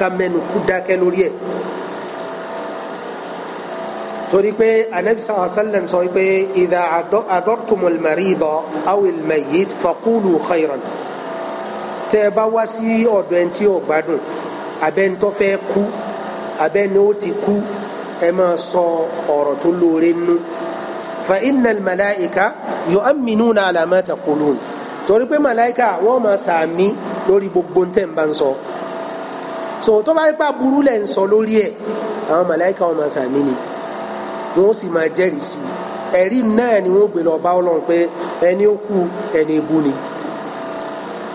ká mẹ́nu kú dákẹ́ lórí ẹ̀ torí pé anabi sallallahu alayhi wa sallam sọ pé idha adortumul marida awil mayyit faqulu khayran tẹ́ ẹ bá wá sí ọ̀dọ̀ ẹni tí ò gbádùn abẹ́ntọ́ fẹ́ kú abẹ́ni ó ti kú ẹ máa sọ ọ̀rọ̀ tó lóore nú. فإن الملائكة يؤمنون على ما تقولون. taqulun torí pé màláìka wọ́n máa sàmì lórí gbogbo ntẹ̀ ń bá ń sọ so tó bá yípa burú lẹ̀ ń sọ lórí ẹ̀ àwọn màláìka wọ́n máa sàmì ni wọ́n sì máa jẹ́rìí sí i ẹ̀rí náà ni wọ́n gbé lọ bá ọlọ́run pé ẹni ó kú ẹni ibú ni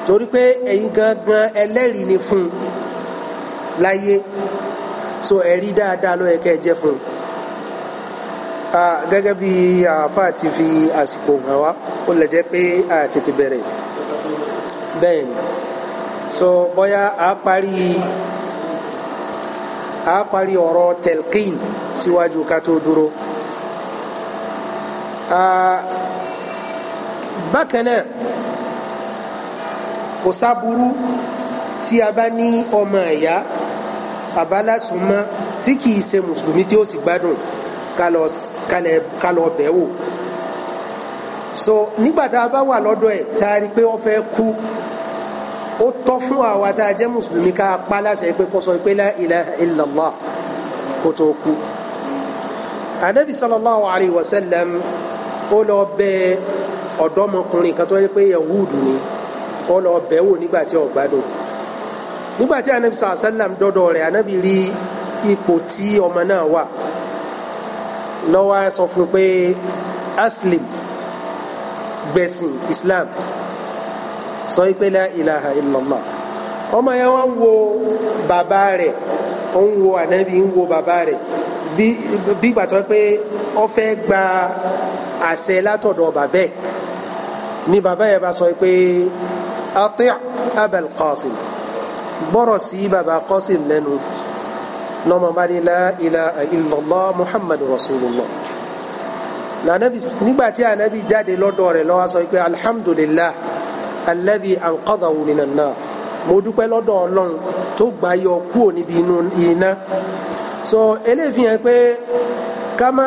torí pé ẹ̀yin gangan ẹlẹ́rìí ni fún un láyé so ẹ̀rí dáadáa ló yẹ kẹ́ ẹ jẹ́ fún un gẹ́gẹ́ bí àáfà ti fi àsìkò hàn wá ó lè jẹ́ pé a tètè bẹ̀rẹ̀ bẹ́ẹ̀ ni so bóyá a parí a parí ọ̀rọ̀ telkin síwájú ká tó dúró bákan kò sáburú tí a bá ní ọmọ ẹ̀yà abálásùnmọ́ tí kìí ṣe mùsùlùmí tí ó sì gbádùn. Si kálọ kálẹ kálọ bẹ̀ so nígbà tá a bá wà lọ́dọ̀ ẹ̀ tá a rí i pé wọ́n fẹ́ kú ó tọ́ fún àwa tá a jẹ́ mùsùlùmí ká pa láṣẹ pé kó sọ pé la ilaha illallah kó tó kú anabi sallallahu alayhi wa sallam ó lọ bẹ̀ ọ̀dọ́mọkùnrin kan tó yẹ pé yahudu ni ó lọ bẹ̀ wò nígbà tí ó anabi sallallahu alayhi wa sallam dọ́dọ̀ rẹ̀ anabi rí ipò tí ọmọ náà wà lọ́wọ́ sọ fún pé aslim gbẹ̀sìn islam sọ pé la ilaha illallah ọmọ yẹn wọ́n wo bàbá rẹ̀ ó ń wo ànábì ń wo bàbá rẹ̀ bí gbà tó pé ó fẹ́ gba àṣẹ látọ̀dọ̀ bàbá ni bàbá yẹn bá sọ pé ati abel qasim gbọ́rọ̀ sí bàbá qasim lẹ́nu lọ́mọ bá ní la ilaha illallah muhammadu rasulullah lànàbí nígbà tí ànábì jáde lọ́dọ̀ rẹ̀ lọ́wọ́ sọ pé alhamdulillah alladhi anqadhahu minan nar mo dúpẹ́ lọ́dọ̀ ọlọ́run tó gbà yọ kúrò níbi inú iná so eléyìí fi hàn pé ká má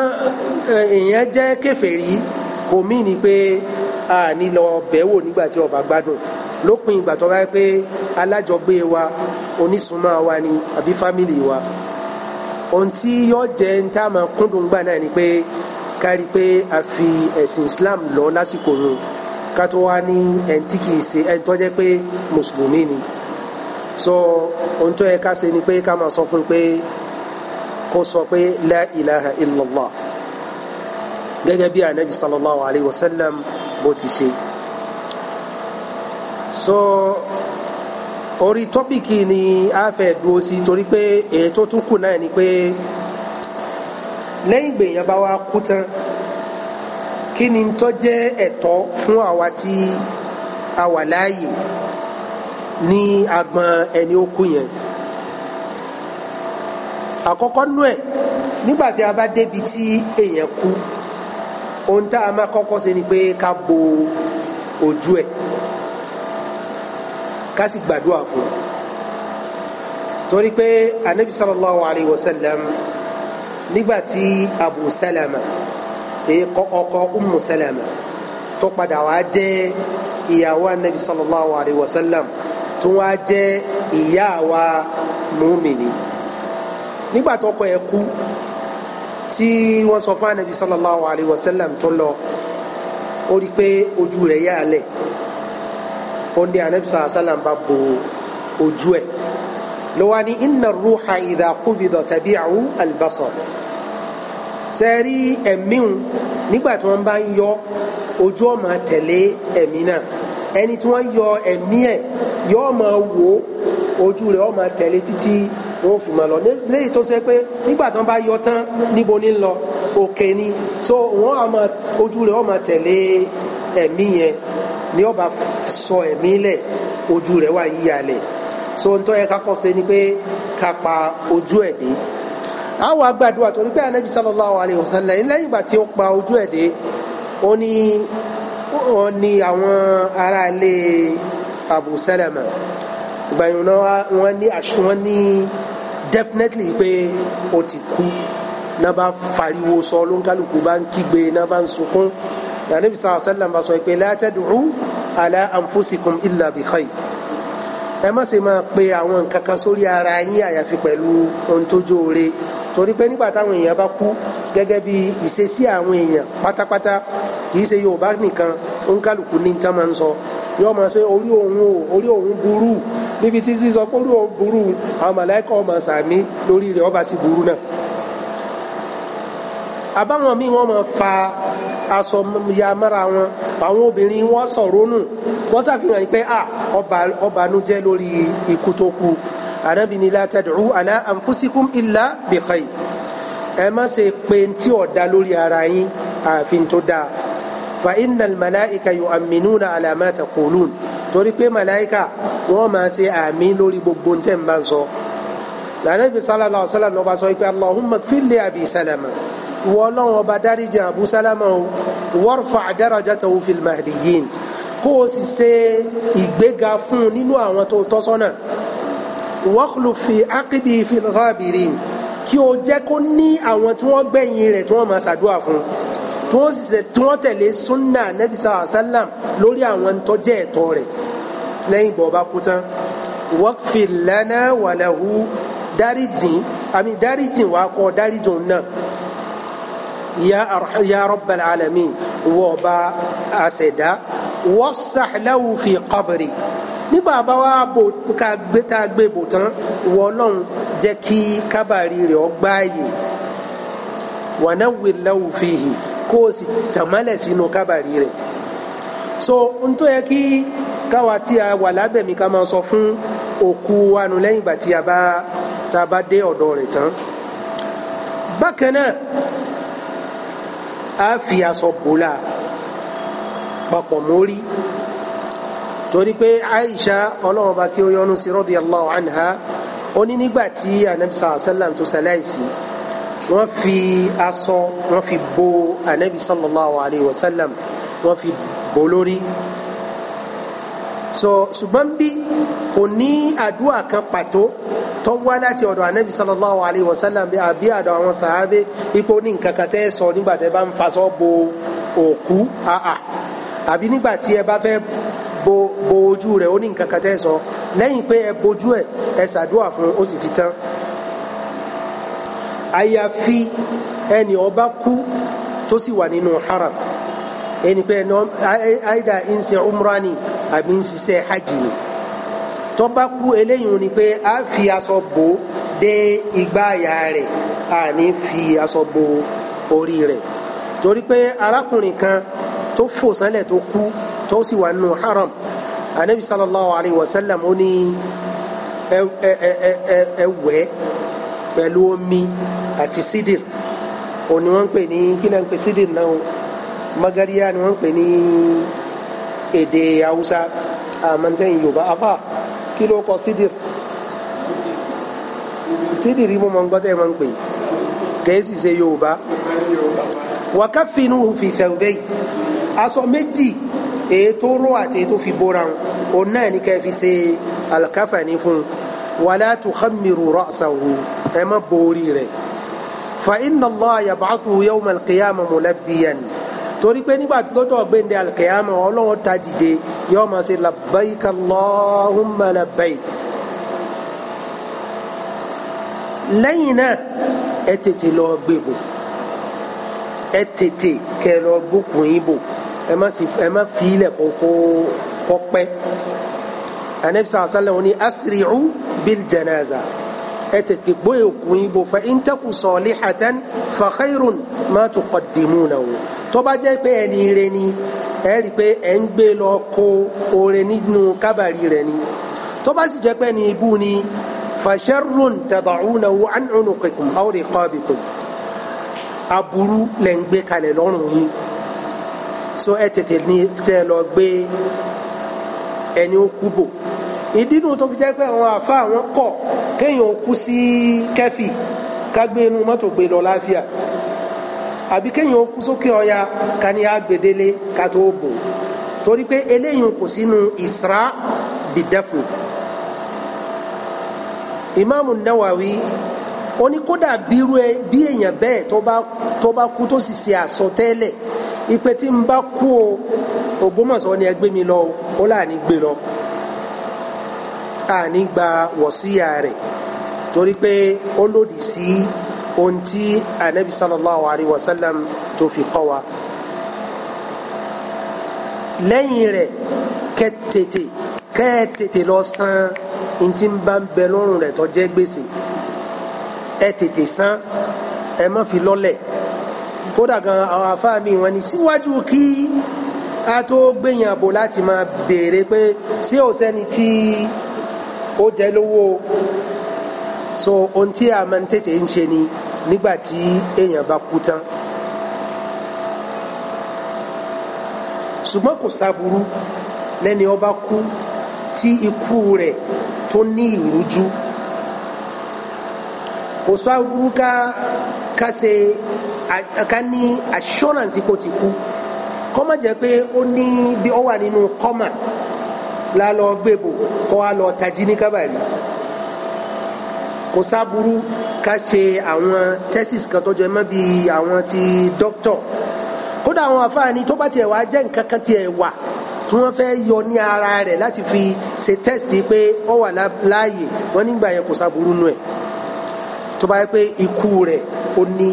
èèyàn jẹ́ kèfèrí kò mí ni pé a ní lọ bẹ̀wò nígbà tí ó bá gbádùn lópin ìgbà tó bá yẹ pé alájọgbé wa onísùnmọ́ wa ni àbí fámìlì wa ohun tí yọ jẹ́ ń tá a máa kúndùn gbà náà ni pé kárí pé a fi ẹ̀sìn Islam lọ lásìkò yìí ká tó wá ní ẹni tí kìí ṣe ẹni tó jẹ́ pé mùsùlùmí ni so ohun tó yẹ ká ṣe ni pé ká máa sọ fún pé kó sọ pé la ilaha illallah gẹ́gẹ́ bí anabi sallallahu alayhi wa sallam bó ti ṣe so orí tọ́pìkì ni a fẹ́ dúró sí torí pé èyí tó tún kù náà ni pé lẹ́yìn gbèyàn bá wa kú tán kí ni tó jẹ́ ẹ̀tọ́ fún àwa tí a wà láàyè ní agbọn ẹni ó kú yẹn àkọ́kọ́ nú ẹ̀ nígbà tí a bá débi tí èèyàn kú ohun tá a máa kọ́kọ́ ṣe ni pé ká bo ojú ẹ̀. E ká sì gbàdúrà fún un torí pé anabi sallallahu alayhi wa sallam nígbà tí abu salama ọkọ umu salama tó padà wá jẹ́ ìyàwó anabi sallallahu alayhi wa sallam tó wá jẹ́ ìyá wa mùmìnì nígbà tó kọ ẹ kú tí wọ́n sọ fún anabi sallallahu alayhi wa sallam tó lọ ó rí i pé ojú rẹ̀ yà á lẹ̀ òde anabisa asalam bá bo ojú ẹ̀ lọ́wọ́ ni inna ruha idha qubida tabi'u albasar sẹ́ẹ̀rí ẹ̀míhun nígbà tí wọ́n bá ń yọ ojú ó máa tẹ̀lé ẹ̀mí náà ẹni tí wọ́n yọ ẹ̀mí ẹ̀ yọ ó máa wò ojú rẹ̀ ó máa tẹ̀lé títí wọn ò fi máa lọ léyìí tó ṣe pé nígbà tí wọ́n bá yọ tán níbo ní lọ òkè ni so wọn ojú rẹ̀ ó tẹ̀lé ẹ̀mí yẹn ni ó bá sọ ẹ̀mí lẹ̀ ojú rẹ̀ wà yíyalẹ̀ so n tó yẹ ká kọ́ ṣe ni pé ká pa ojú ẹ̀ dé àwọn agbàdúrà torí pé anabi sallallahu alayhi wa sallam lẹ́yìn ìgbà tí ó pa ojú ẹ̀ dé ó ní ó ní àwọn aráalé abu salama ìgbàyìn náà wọ́n ní wọ́n ní definitely pé ó ti kú náà bá fariwo sọ lóńkálùkù bá ń kígbe náà bá ń sunkún anabi sallallahu alayhi wa sallam bá sọ pé la tad'u ala anfusikum illa bi khair ẹ má ṣe máa pe àwọn nǹkan kan sórí ara yín àyàfi pẹ̀lú ohun tó jóore torí pé nígbà táwọn èèyàn bá kú gẹ́gẹ́ bí ìṣesí àwọn èèyàn pátápátá kì í ṣe Yorùbá nìkan òǹkàlùkù ní tán máa ń sọ yóò máa ṣe orí òun o orí òun burú níbi tí sísọ pé orí òun burú àwọn màláìkà ọmọ sàmí lórí rẹ̀ ọba sì burú náà àbáwọn míì wọ́n máa fa aṣọ ya mọ́ra wọn àwọn obìnrin wọn sọ̀rọ̀ nù wọ́n ṣàfihàn pé a ọbànújẹ́ lórí ikú tó kú Ànábì ní la tad'u ala anfusikum illa bi khayr ẹ má ṣe pé tí ò da lórí ara yín àfin tó dáa fa innal malaika yu'minuna ala ma taqulun torí pé màláìka wọ́n máa ṣe àmì lórí gbogbo ntẹ̀ ń sọ Ànábì sallallahu alaihi wasallam ló bá sọ pé Allahumma ighfir li Abi Salama ìwọ ọlọ́run ọba dáríjì abu salama o warfa darajatahu fil mahdiyin kó o sì ṣe ìgbéga fún un nínú àwọn tó tọ́ sọ́nà wakhluf fi aqdi fil ghabirin kí o jẹ́ kó ní àwọn tí wọ́n gbẹ̀yìn rẹ̀ tí wọ́n máa ṣàdúrà fún tí wọ́n sì ṣe tí wọ́n tẹ̀lé sunna nabi sallam lórí àwọn tó jẹ́ ẹ̀tọ́ rẹ̀ lẹ́yìn bọ̀ọ̀bá kú tán wakfi lana walahu dáríjìn àmì dáríjìn wàá kọ́ dáríjìn náà. يا يا رب العالمين وبا أسدا وافسح له في قبري nígbà bá wa bò ká gbé tá a gbé bò tán wọ ọlọ́run jẹ́ kí kábàárì rẹ̀ ọ gbáàyè wanawwir lahu fihi kó o sì tàmálẹ̀ sínú kábàárì rẹ̀ so n tó yẹ kí káwa tí a wà lábẹ̀mí ká máa sọ fún òkú wa lẹ́yìn ìgbà tí a bá dé ọ̀dọ̀ rẹ̀ tán bákan náà á fi aṣọ bò la papọ̀ mórí torí pé Aisha ọlọ́run bá kí ó yọ́nú sí radiyallahu anha ó ní nígbà tí anabi sàlám tó ṣaláìsí wọ́n fi aṣọ wọ́n fi bo anabi sallallahu alayhi wa sallam wọ́n fi bò lórí so ṣùgbọ́n bí kò ní àdúrà kan pàtó tó wá láti ọ̀dọ̀ anabi sallallahu alayhi wa sallam bí àbí àdọ̀ àwọn sàábé ipò ní nǹkan tẹ́ sọ nígbà tẹ́ bá ń faṣọ bo òkú àà àbí nígbà tí ẹ bá fẹ́ bo bo ojú rẹ̀ ó ní nǹkan kan tẹ́ sọ lẹ́yìn pé ẹ bojú ẹ ẹ ṣàdúrà fún ó sì ti tán àyàfi ẹni ọba kú tó sì wà nínú haram ẹni pé ẹni àìdá ń ṣe umrani àbí ń ṣiṣẹ́ hajj ni tó bá kú eléyìí ni pé a fi aṣọ bò dé ìgbàyà rẹ̀ a ní fi aṣọ bò orí rẹ̀ torí pé arákùnrin kan tó fò sánlẹ̀ tó kú tó sì wà nù haram anabi sallallahu alayhi wa sallam ó ní ẹ ẹ ẹ ẹ ẹ wẹ̀ pẹ̀lú omi àti sídìr òun ni wọ́n ń pè ní kí náà ń pè sídìr náà magaria ni wọ́n ń pè ní èdè haúsá àmọ́ntẹ́yìn yorùbá afa kí ló kọ sídìr sídìr yìí mo máa ń gbọ́ tẹ́ ẹ máa ń pè kẹ́sì ṣe yorùbá wàkàfínú fi thawbay aṣọ méjì ètò ró àti ètò fi bóra wọn òun náà ní kẹ́ fi ṣe alkafani fún wàlá tukhammiru ra'sahu ẹ má borí rẹ̀ fa inna Allah yab'athu yawma al-qiyamah torí pé nígbà lọ́jọ́ gbẹ̀ndẹ̀ alikiyama ọlọ́run ta dìde yóò máa ṣe labbaika Allahumma labbaik. lẹ́yìn náà ẹ tètè lọ gbèbò ẹ tètè kẹ lọ gbókùn yín bò ẹ má sì ẹ má fi ilẹ̀ kókó kọ́pẹ́ anabi sàlẹ̀ sàlẹ̀ wọn ni asri'u bil janaza ẹ tètè gbóyè kùn yín bò fa in taku salihatan fa khayrun ma tuqaddimuna o tó bá jẹ́ pé ẹni ire ni ẹ rí i pé ẹ ń gbé lọ kó oore nínú kábàárì rẹ̀ ni tó bá sì jẹ́ pé ẹni ibú ni fasharrun tada'unahu an unuqikum aw riqabikum aburú lẹ̀ ń gbé kalẹ̀ lọ́rùn yìí so ẹ tètè ní tẹ lọ gbé ẹni ó bò ìdí tó fi jẹ́ pé àwọn àfa àwọn kọ̀ kéèyàn kú sí kẹ́fì ká inú mọ́tò gbé lọ láàfíà. àbí kéèyàn ó kú sókè ọya ká ní agbèdélé ká tó bò torí pé eléyìí kò sínú ìsra bìdẹ́fù ìmáàmù Nawawi ó bírú bí èèyàn bẹ́ẹ̀ tó bá kú tó sì ipe tí n bá kú ni mi lọ ó láàní gbé lọ àní gba wọ̀síyà rẹ̀ torí pé ó lòdì Si, ohun tí anabi sallallahu alayhi wa sallam tó fi kọ́ wa lẹ́yìn rẹ̀ kẹ́ tètè kẹ́ tètè lọ san ntí ń bá ń bẹ lọ́rùn rẹ̀ tó jẹ́ gbèsè ẹ tètè san ẹ má fi lọ́lẹ̀ kódà gan àwọn afáà wọn ni síwájú kí a tó gbẹ̀yìn àbò láti máa béèrè pé ṣé ò sẹ́ni tí ó jẹ́ lówó so ohun tí a máa ń tètè ń ṣe ni nígbà tí èèyàn bá kú tán ṣùgbọ́n kò sáburú lẹ́ni ọba kú tí ikú rẹ̀ tó ní ìrújú kò sáburú ká ká ṣe ká ní assurance kó ti kú kó jẹ́ pé ó ní bí ó wà nínú kọ́mà la lọ gbébò kó wa lọ tají ní kábàárì kò sáburú ká ṣe àwọn thesis kan tó jẹ bíi àwọn ti doctor kódà àwọn àfáàní tó bá tiẹ̀ wá jẹ́ nǹkan kan tiẹ̀ wà tí wọ́n fẹ́ yọ ní ara rẹ̀ láti fi ṣe test pé ó wà láàyè wọ́n nígbà yẹn kò sáburú nù ẹ̀ tó bá yẹ pé ikú rẹ̀ ó ní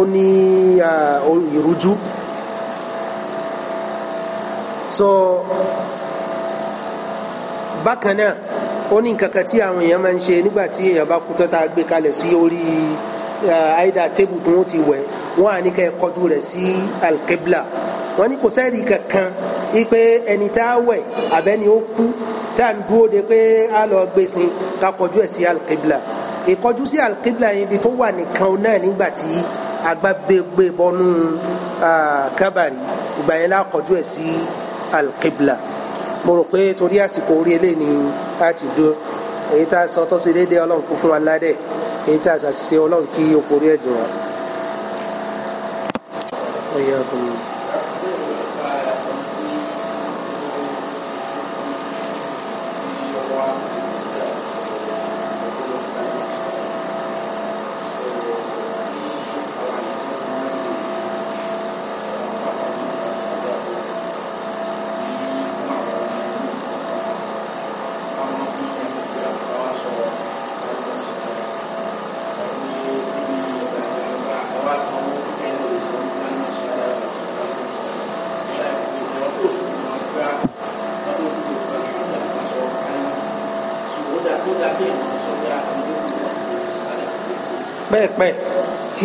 ó ní ìrújú so bákan náà ó ní kankan tí àwọn èèyàn máa ń ṣe nígbà tí èèyàn bá kú tọ́ta gbé kalẹ̀ sí orí àìdá tébù tí wọ́n ti wẹ̀ wọ́n á ní kẹ́ ẹ kọjú rẹ̀ sí alkebla wọ́n ní kò sẹ́ẹ̀rì kankan wípé ẹni tá a wẹ̀ àbẹ́ni ó kú tá à ń dúró de pé a lọ gbé e sin ká kọjú ẹ̀ sí alkebla ìkọjú sí alkebla yẹn ibi tó wà nìkan náà nígbà tí agbágbégbé e bọ́nú kábàrí ìgbà yẹn lá kọjú ẹ̀ sí alkebla mo rò pé torí àsìkò orí eléyìí ni a ti dúró èyí tá a sọ tó ṣe déédéé ọlọ́run kó fún wa ládẹ̀ èyí tá a ṣàṣìṣe ọlọ́run kí o forí ẹ̀jọ̀ wa.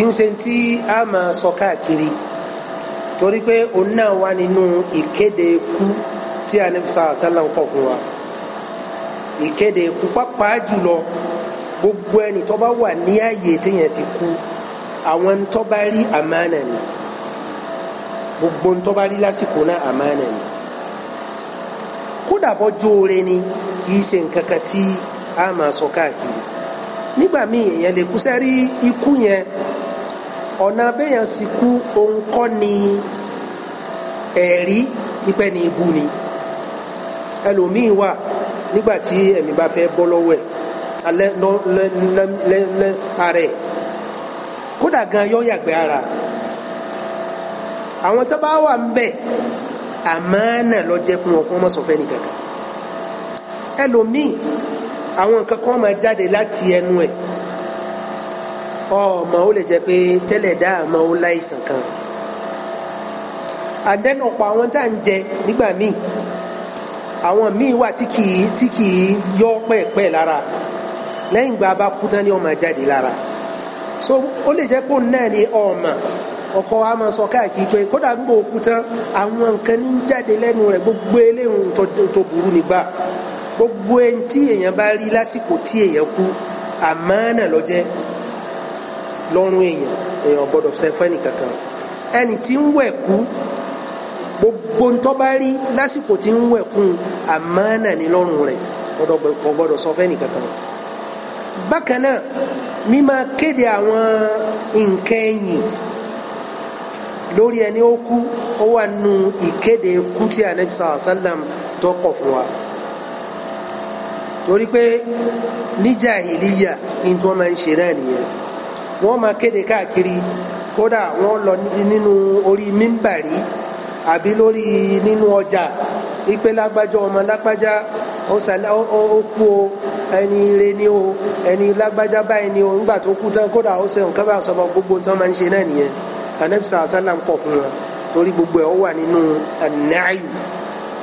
kì í ṣe tí a máa sọ káàkiri torí pé òun náà wà nínú ìkéde ikú tí anabi sàlásàlá ń kọ fún wa ìkéde ikú pàápàá jùlọ gbogbo ẹni tó bá wà ní ààyè téèyàn ti kú àwọn tó bá rí àmánà ni gbogbo tó bá rí lásìkò náà àmánà ni kódà bọ́jú oore ni kì í ṣe nǹkan kan tí a máa sọ káàkiri nígbà míì èèyàn lè kú sẹ́rí ikú yẹn ọ̀nà abẹ́yàn sìnkú òun kọ́ ni ẹ̀rí nípẹ́ ni ibu ni ẹlòmíì wà nígbà tí ẹ̀mí bá fẹ́ bọ́ lọ́wọ́ ẹ̀ alẹ́ lẹ́ ara ẹ̀ kódà gan yọ yàgbẹ́ ara àwọn tó bá wà ń bẹ̀ àmánà lọ jẹ́ fún wọn kó má sọ ní kankan ẹlòmíì àwọn nǹkan máa jáde láti ẹnu ẹ̀ ọmọ ó lè jẹ pé tẹ́lẹ̀ dá àmọ́ ó láìsàn kan àdẹ́nu ọ̀pọ̀ àwọn tá à ń jẹ nígbà míì àwọn míì wà tí kìí tí kìí yọ pẹ́ẹ̀pẹ́ẹ̀ lára lẹ́yìn ìgbà bá kú tán ni ó máa jáde lára so ó lè jẹ́ pé òun náà ni ọmọ ọkọ wa máa sọ káàkiri pé kódà ń bò òkú tán àwọn nǹkan ní jáde lẹ́nu rẹ̀ gbogbo eléhùn tó burú nígbà gbogbo ẹni tí èèyàn bá rí lásìkò tí èèyàn kú àmánà ló jẹ́ lọ́rùn èèyàn èèyàn gbọ́dọ̀ sẹ́fẹ́ nìkankan ẹni tí ń kú gbogbo ń tọ́ba rí lásìkò tí ń wẹ̀kú àmánà ní lọ́rùn rẹ̀ kò gbọ́dọ̀ sọfẹ́ nìkankan bákan náà mímá kéde àwọn nǹkan ẹ̀yìn lórí ẹni ó kú ó wà nù ìkéde kú tí anabi sàlá sàlám tó kọ̀ fún wa torí pé ní jàhílíyà ní tí máa ń ṣe náà nìyẹn. wọ́n máa kéde káàkiri kódà wọ́n lọ nínú orí mímbàrí àbí lórí nínú ọjà ipe lágbájá ọmọ lágbájá ó kú o ẹni ire ni o ẹni lágbájá báyìí ni o ńgbà tó kú tán kódà ó sẹ́wọ̀n kábàá sọ̀rọ̀ gbogbo tán máa ń ṣe náà nìyẹn anabisa asalam kọ̀ fún wa torí gbogbo ẹ̀ ó wà nínú anáyù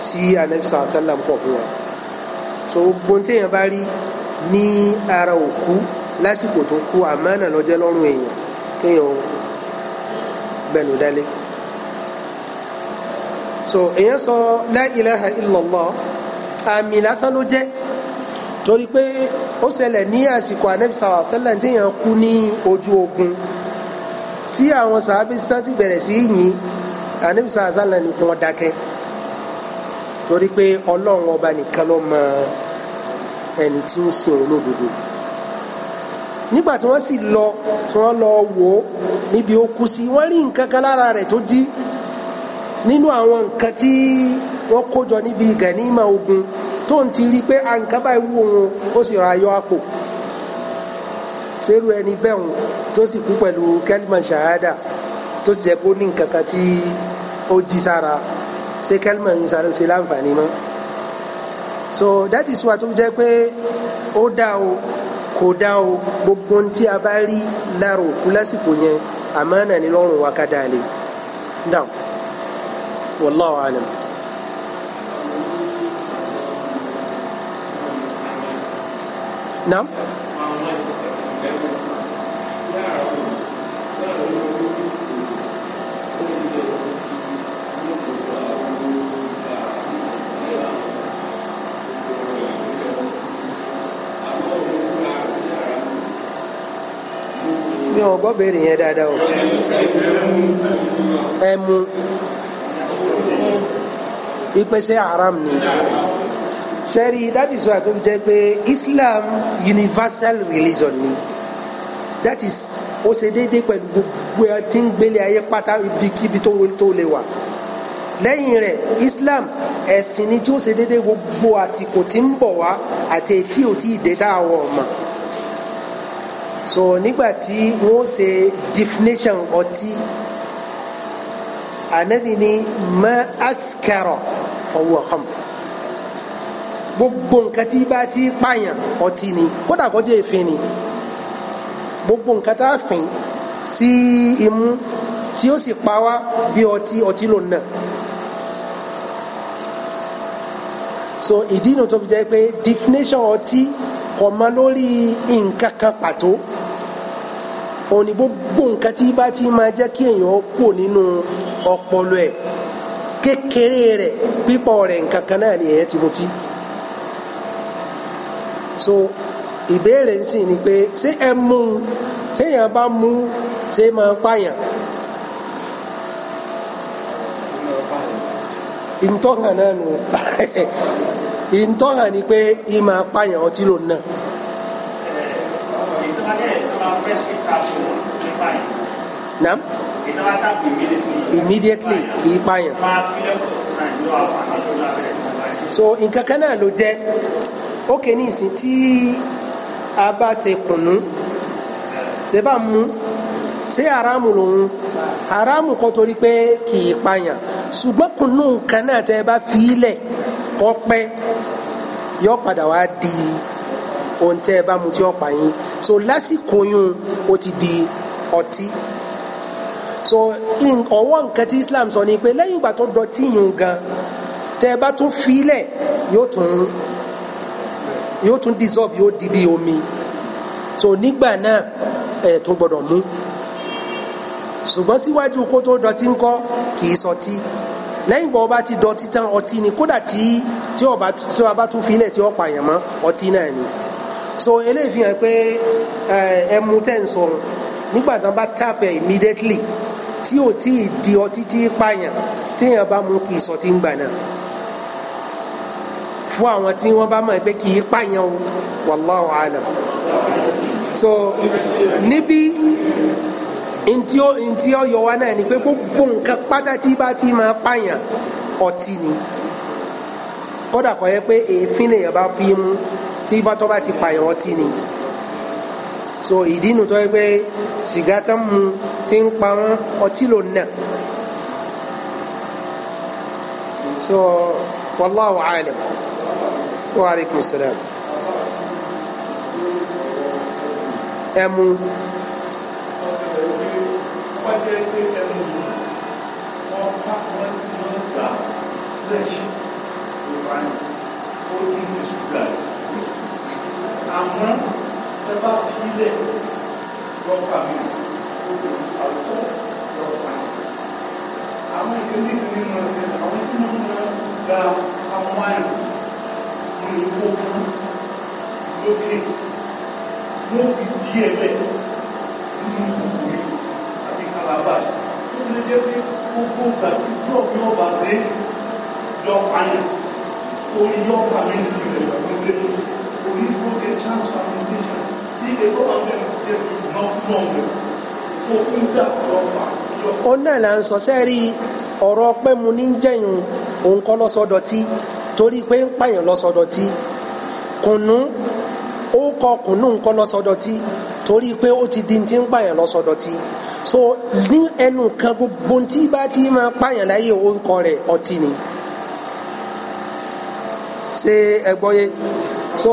tí anabisa asalam kọ̀ fún wa so gbontéyàn bá rí ní ara òkú lásìkò tó kú àmánà lọ́jẹ́ lọ́rùn èèyàn kéèyàn gbẹ̀nù dálé so èèyàn sọ la ilaha illallah àmì lásán ló jẹ́ torí pé ó ṣẹlẹ̀ ní àsìkò anabi sallallahu alaihi wasallam tí èèyàn kú ní ojú ogun tí àwọn sàábí sàn ti bẹ̀rẹ̀ sí yìn anabi sallallahu alaihi wasallam dákẹ́ torí pé ọlọ́run ọba nìkan ló mọ ẹni tí ń sọ olódodo nígbà tí wọ́n sì lọ tí wọ́n lọ wò ó níbi ó sí wọ́n rí nǹkan kan lára rẹ̀ tó jí nínú àwọn nǹkan tí wọ́n kójọ níbi gànímà ogun tó ń ti rí pé àǹkan báyìí wù òun ó sì ra yọ àpò sẹ́rù ẹni bẹ́ẹ̀ òun tó sì kú pẹ̀lú kẹ́límà ṣàhádà tó sì jẹ́ pé ní nǹkan kan tí ó jí sára ṣé kẹ́límà ń sáré láǹfààní mọ́ so that is why tó jẹ́ pé ó dá o kò dá o gbogbo ohun tí a bá rí lára òkú lásìkò yẹn àmánà ní lọ́rùn wa ká dáa lé dáa wallahu alam. mi ò gbọ́ yẹn dáadáa o ẹmu ìpèsè haram ni sẹ́rí that is why tó jẹ́ pé Islam universal religion ni that is ó ṣe déédéé pẹ̀lú gbogbo ẹ tí ń gbélé ayé pátá ibikíbi tó lè wà lẹ́yìn rẹ̀ Islam ẹ̀sìn ni tí ó ṣe déédéé gbogbo àsìkò tí ń bọ̀ wá àti ètí ò tí ì dé tá a wọ̀ ọ̀mọ̀ so nígbà tí wọ́n ṣe definition ọtí anabi ni ma askara fahuwa khamr gbogbo nǹkan tí bá ti pààyàn ọtí ni kódà kó jẹ́ èéfín ni gbogbo nǹkan tá a fìn sí imú tí ó sì pa bí ọtí ọtí ló nà so ìdí inú tó fi jẹ́ pé definition ọtí kò mọ lórí nǹkan pàtó. òun ni gbogbo nǹkan tí bá ti máa jẹ́ kí èèyàn kú nínú ọpọlọ ẹ̀ kékeré rẹ̀ pípọ̀ rẹ̀ nǹkan kan náà ni so ìbéèrè ń sìn ni pé ṣé ẹ mú un téèyàn bá mú ṣé máa pààyàn. ìtọ́hàn náà nù [laughs] ìtọ́hàn ni naam immediately kì í pààyàn so nǹkan kan náà ló jẹ́ ó ké ní ìsìn tí a bá ṣe kùnú ṣe bá mú ṣé haramu lòun haramu kọ́ torí pé kì í pààyàn ṣùgbọ́n kùnú nǹkan náà tẹ́ bá fi í lẹ̀ kọ́ pẹ́ yọ padà wá di ohun tẹ́ ẹ bá mu tí ó yín so lásìkò yún ó ti di ọtí so ọwọ́ nǹkan tí Islam sọ ni pé lẹ́yìn ìgbà tó dọtí yún gan tẹ́ ẹ bá tún filẹ̀ yóò tún yóò tún dissolve yóò di bí omi so nígbà náà ẹ tún gbọ́dọ̀ mú ṣùgbọ́n síwájú kó tó dọtí ńkọ́ kì í sọtí lẹ́yìn ìgbà ọba ti dọtí tán ọtí ni kódà tí tí ọba tún filẹ̀ tí ó pààyàn ọtí náà ni. so eléyìí fi hàn pé eh, ẹmu tẹ́ ń sọ̀rọ̀ nígbà tí bá tap immediately tí o ti di ọtí tí pààyàn téèyàn bá mu kì í sọ tí ń gbà náà fún àwọn tí wọ́n bá mọ̀ pé kì í pààyàn o so níbí ntí ó ntí ó yọ wá náà ni pé gbogbo nǹkan pátá bá ti máa pààyàn ọtí ni kódà kọ́ yẹ pé èéfín lèèyàn bá fi mú tí bàtọ́ bá ti pààyàn ọtí ni so ìdínú tó yẹ pé sìgá tó ń mu ti ń pa wọn ọtí ló nà so wallahu alam wa aleykum salaam ẹmu. Thank you. àmọ́ ẹ bá fi ilẹ̀ lọ́pàá mi gbogbo àlùkò lọ́pàá mi. àwọn ìdílé mi nínú ẹsẹ̀ àwọn tí wọ́n máa ń gba àwọn àìrò ní ìwọ kan lókè wọ́n fi díẹ̀ bẹ́ẹ̀ nínú ìfòfò yìí àbí kalaba yìí wọ́n lè jẹ́ pé gbogbo ìgbà tí trump yóò bá dé lọ́pàá yìí orí yọ̀ọ̀pá mi ti rẹ̀ lọ́pàá mi dé lórí chance for meditation ní ètò ọ̀gbìn ìdílé ìmọ̀ fún ọ̀gbìn fún kúńdà ọlọ́pàá. ó náà là ń sọ sẹ́ẹ̀rí ọ̀rọ̀ pé mo ní jẹ̀yìn òun kọ́ torí pé ń pààyàn lọ́sọdọ̀tí kùnú ó kọ kùnú ń kọ́ torí pé ó ti di ti ń pààyàn lọ́sọdọ̀tí so ní ẹnu kan gbogbo tí bá ti máa pààyàn láyé òun kọ rẹ̀ ọtí ni ṣe ẹgbọ́yé so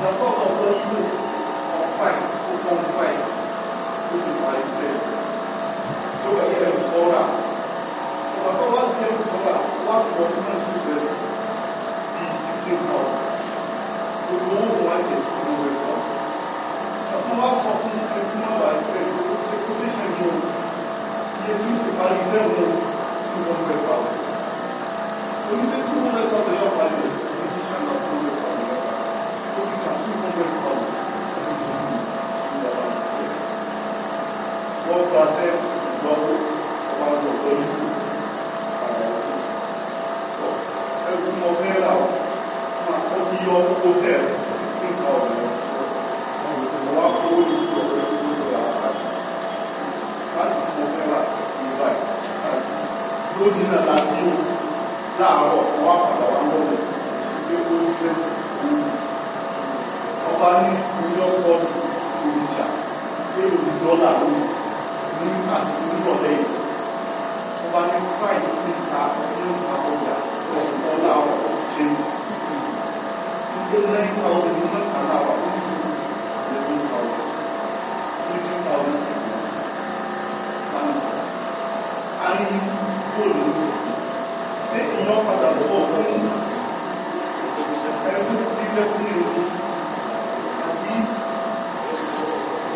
on top of the ego of Christ, who formed Christ, which is by himself. So we get them Torah. So my father was here with Torah, what was the ministry blessing? It came out. We don't want it to be with God. Ọkùnrin wa sọ fún ẹni tí wọ́n wà ìfẹ́ ìlú ṣe kó lè ṣe mú iye tí ó sì parí iṣẹ́ wọn tí wọ́n fẹ́ pa ọ́. Oníṣẹ́ tí wọ́n rẹ̀ kọ́ tẹ̀lé ọ̀pá Então, tá colocar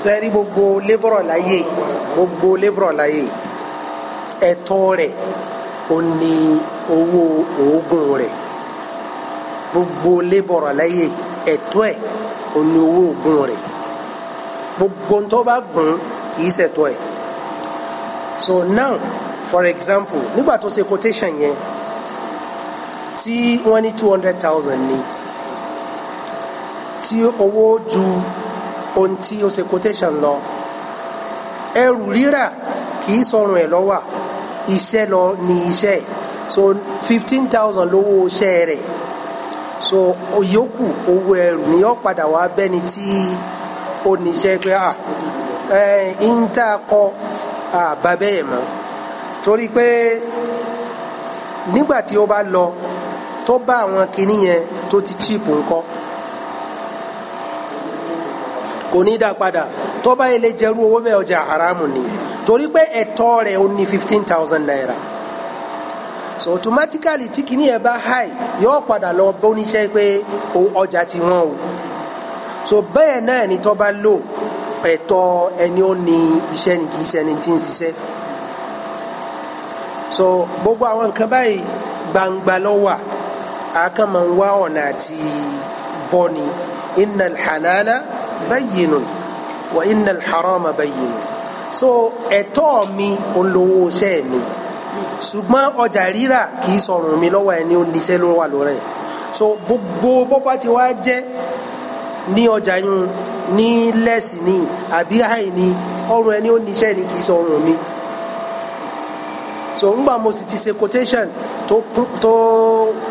sẹ́rí gbogbo lébọ̀rọ̀ láyé gbogbo lébọ̀rọ̀ láyé ẹ̀tọ́ rẹ̀ ó ní owó oògùn rẹ̀ gbogbo lébọ̀rọ̀ láyé ẹ̀tọ́ ẹ̀ ó ní owó oògùn rẹ̀ gbogbo tó bá gùn kìí ṣẹ̀tọ́ ẹ̀ so now for example nígbà tó ṣe quotation yẹn tí wọ́n ní two hundred thousand ni. tí owó ju ohun tí ó ṣe quotation lọ ẹrù rírà kì í sọrùn ẹ̀ lọ́wọ́ iṣẹ́ lọ ni iṣẹ́ so fifteen thousand lówó iṣẹ́ rẹ̀ so yòókù owó ẹrù ni yóò padà wá bẹ́ni tí ó níṣẹ́ pé à ẹ ń tá a kọ àbá bẹ́ẹ̀ mọ́ torí pé nígbà tí ó bá lọ tó bá àwọn kinní yẹn tó ti chip ńkọ́ kò ní dá padà tó bá ilé jẹrú owó bẹ́ẹ̀ ọjà haramu ni torí pé ẹ̀tọ́ rẹ̀ ó ní fifteen thousand naira so automatically tí kìíní ẹ̀ bá high yóò padà lọ bóníṣẹ́ pé ọjà ti wọ́n o so bẹ́ẹ̀ náà ni tó bá lò ẹ̀tọ́ ẹni ó ní iṣẹ́ ni kì í ṣe ẹni tí ń ṣiṣẹ́ so gbogbo àwọn nǹkan báyìí gbangba ló wà àkàmọ̀ ń wá ọ̀nà àti bọ́ni innal halala bayyinun wa innal harama bayyinun so ẹ̀tọ́ mi olówó iṣẹ́ mi ṣùgbọ́n ọjà rírà kì í sọrùn mi lọ́wọ́ ẹni ó níṣẹ́ ló wà lórí ẹ̀ so gbogbo bọ́pá ti wá jẹ́ ní ọjà yun ní lẹ́sìn ní àbí àìní ọrùn ẹni ó níṣẹ́ ni kì í sọrùn mi. So, so ńgbà mo sì ti ṣe quotation to to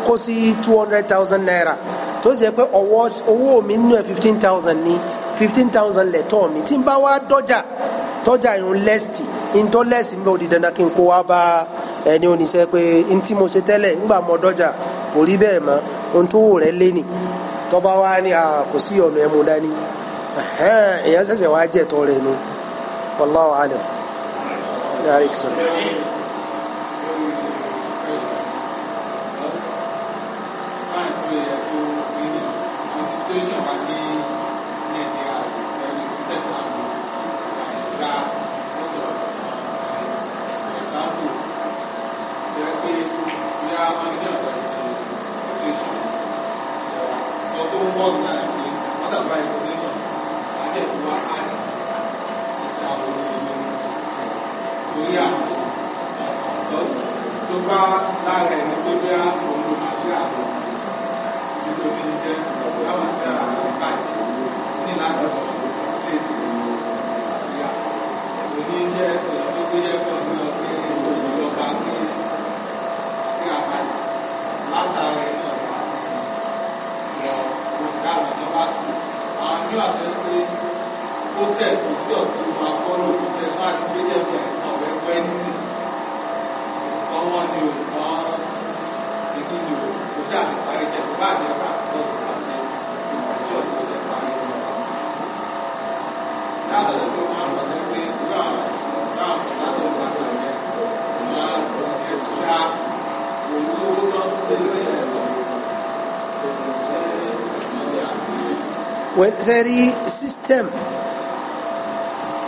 kó sí two hundred thousand naira to jẹ́ pé ọwọ́ owó mi nínú ẹ̀ e fifteen thousand ni fifteen thousand lẹ́tọ́ mi tí n bá wá dọ́jà tọ́jà ìrún lẹ́sìtì ntọ́ lẹ́sìn mi ò di dandan kí n kó wá bá ẹni oníṣẹ́ pé n tí mo ṣe tẹ́lẹ̀ ńgbà mo dọ́jà kò rí bẹ́ẹ̀ mọ́ ohun tó wò rẹ̀ lé nì tọ́ba wá ní kò sí ọ̀nà ẹ̀ mú dání èèyàn ṣẹ̀ṣẹ̀ wá jẹ̀tọ́ rẹ̀ nu wallahu alam. Alaikum salaam. ó sẹ̀kù sí ọ̀tún máa kọ́ lòdù tẹ máa ti gbé ṣẹ̀fẹ̀ ọ̀rẹ́ pẹ́ nítì nǹkan wọn ni òǹkan ṣe kí ni o kò ṣáà lè parí ṣẹ̀fẹ̀ bá àjẹ́ bá àtọ́ àṣẹ ìwàjọ́ sí ọ̀sẹ̀ parí wọn. láàrín ọjọ́ máa ń lọ sí pé ìlú àwọn láàrín látọ̀ ìgbà tó ṣe máa ń lọ sí ẹ̀sùn rà olówó náà lórí ẹ̀rọ ṣèkùnṣẹ́ sẹ́rí system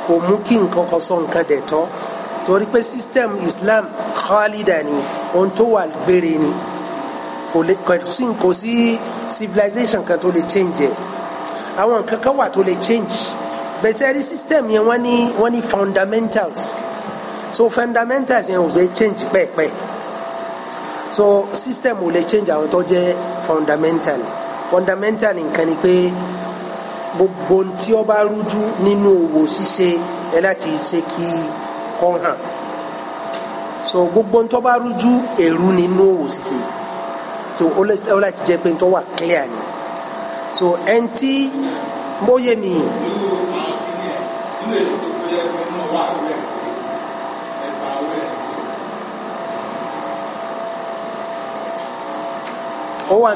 kò mú kí nǹkan kan sọ nǹkan dẹ̀ tọ́ torí pé system Islam khalida ni ohun tó wà gbére ni kò lè kò sí civilization kan tó lè change ẹ̀ àwọn nǹkan kan wà tó lè change bẹ́sẹ̀ rí system yẹn wọ́n ní wọ́n ní fundamentals so fundamentals yẹn ò ṣe change pẹ́ẹ́pẹ́ẹ́ so system ò lè change àwọn tó jẹ́ fundamental fundamental nǹkan ni pé gbogbo tí ó bá rújú nínú òwò ṣíṣe ẹ láti ṣe kí kọ́ hàn so gbogbo tó bá rújú èrú nínú òwò ṣíṣe so ó láti jẹ́ pé tó wà clear ni so ẹn tí bóyá mi. ó wà.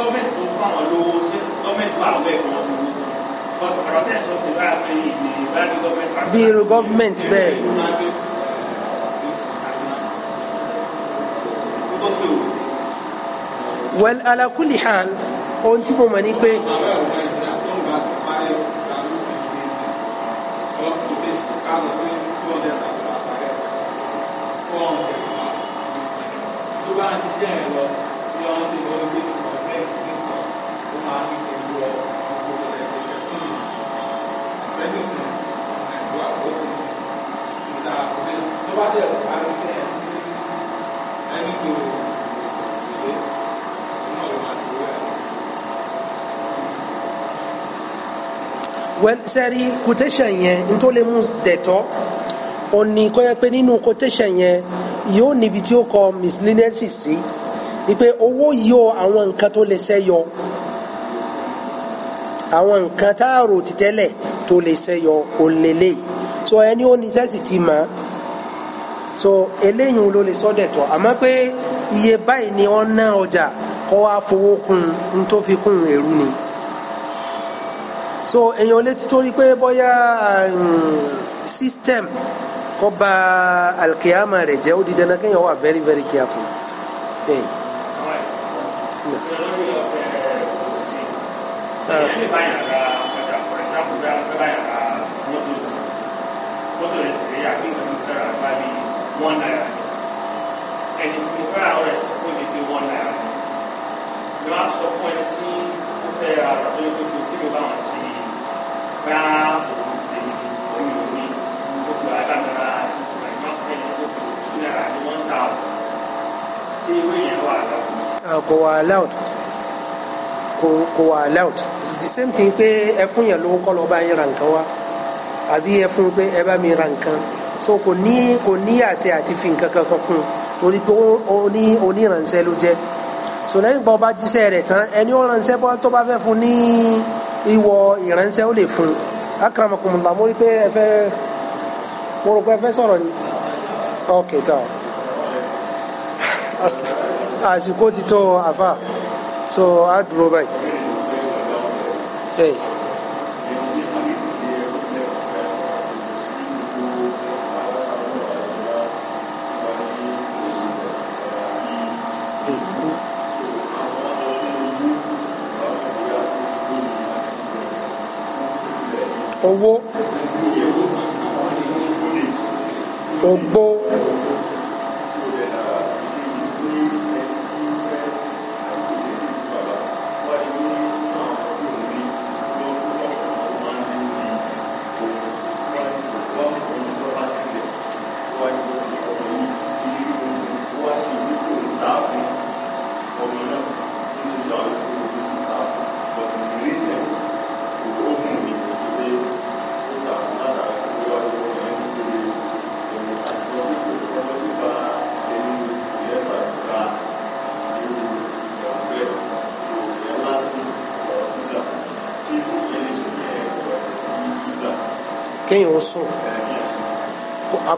gọ́ọ̀mẹ̀ntì tó fún àwọn lówó ṣé gọ́ọ̀mẹ̀ntì wà àwọn ẹ̀kọ́ wọn tó wú ọ̀rọ̀ tẹ̀ sọ sí báyà pé ìdè bá ní gọ́ọ̀mẹ̀ntì. bí irú gọ́ọ̀mẹ̀ntì bẹ́ẹ̀. wẹ́l alákùlì hàn ohun tí mo mọ̀ ni pé. tó bá ń ṣiṣẹ́ ẹ̀ lọ bí wọ́n ṣe lọ́ọ́ gbé money from your globalization activities, especially since you are working. It's a nobody else I don't care. I need to say, you know, you want Well, sẹ́rí quotation yẹn n tó lè mú dẹ̀tọ́ ó ní kó yẹ pé nínú quotation yẹn yóò níbi tí ó kọ miscellaneous sí ni owó yọ àwọn nǹkan tó lè ṣẹ́yọ. àwọn nǹkan tá a rò ti tẹ́lẹ̀ tó lè so ẹni ó ní ti mọ̀ so eléyìí ló lè sọ́dẹ̀ tọ̀ àmọ́ pé iye báyìí ni wọ́n ná ọjà kọ́ wa fowó èrú ni so èèyàn létí torí pé bóyá um, system kọ́ ba alikiyama rẹ̀ jẹ́ ó di dandan kéèyàn wà very very careful. Hey. ilé báyà ra ọjà for ni wọ́n á sọ fún ẹni tí ó fẹ́ ra ọ̀rẹ́ tó yẹ kó tó kí ló bá wọn ṣe bá òun ti tẹ̀lé omi omi gbogbo àgbàdàrà ìmọ̀sílẹ̀ gbogbo two náírà ni wọ́n ń ta ọ̀rọ̀ ṣé irú ìyẹn wà láwùjọ. kò wà láwùjọ. kò kò it's the same thing pé ẹ yẹn lówó kọ́ lọ bá yín ra nǹkan wá àbí pé ẹ bá mi ra nǹkan so kò ní kò ní àṣẹ àti fi nǹkan kan kan kún torí pé ó ní ló jẹ́ so lẹ́yìn gbọ́ bá jíṣẹ́ rẹ̀ tán ẹni ó ránṣẹ́ bọ́ tó bá fẹ́ fún ní ìwọ ìránṣẹ́ ó lè fún akramakumullah mo rí pé ẹ fẹ́ mo rò pé ẹ fẹ́ sọ̀rọ̀ ni ti tó so a dúró báyìí. Hey. owó ogbó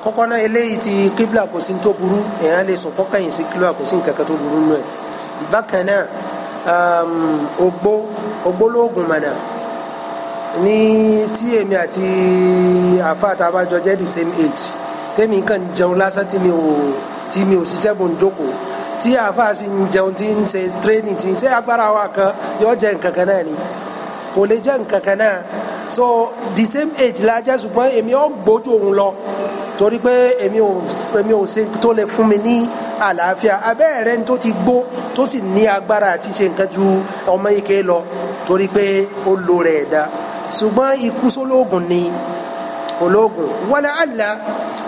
àkọ́kọ́ náà eléyìí ti kíbla kò sí tó burú èèyàn lè sùn kọ́kàyìn sí kíbla kò sí nǹkan kan tó burú nù ẹ̀ bákan náà ògbó um, ògbó mọ̀nà ní tí èmi àti àfáàtà abájọ jẹ́ the same age tèmi kàn ń jẹun lásán tí mi ò tí mi ò ṣiṣẹ́ bò ń jókòó tí àfáà sì ń jẹun tí ń ṣe training tí ń ṣe agbára wa kan yóò jẹ́ nǹkan kan náà ni kò lè jẹ́ nǹkan kan náà so the same age la jẹ́ ṣùgbọ́n èmi ò gbójú òun lọ torí pé èmi ò èmi ò ṣe tó lè fún mi ní àlàáfíà abẹ́rẹ́ tó ti gbó tó sì ní agbára àti ṣe nǹkan ju ọmọ ike lọ torí pé ó lo rẹ̀ dá ṣùgbọ́n ikú sólógùn ni ológun wala àlá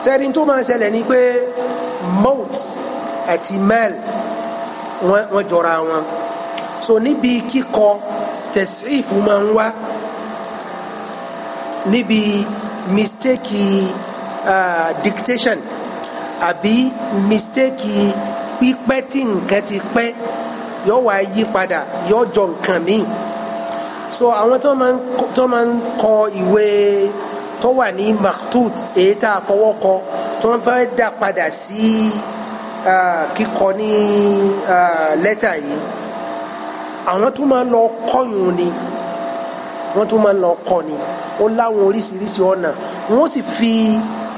sẹ́ni tó máa ṣẹlẹ̀ ni pé mout àti mel wọ́n jọra wọn so níbi kíkọ tẹ̀sífù máa ń wá níbi mistake Uh, dictation àbí mistake pípẹ́ tí nǹkan ti pẹ́ yóò wá yí padà yóò jọ nǹkan míì so àwọn tó máa ń tó máa ń kọ ìwé tó wà ní maktut èyí tá a fọwọ́ kọ tó ń fẹ́ dà padà sí uh, kíkọ ní uh, lẹ́tà yìí àwọn tó máa ń lọ kọyùn ni wọ́n tó máa ń lọ kọ ni ó láwọn oríṣiríṣi ọ̀nà wọ́n sì fi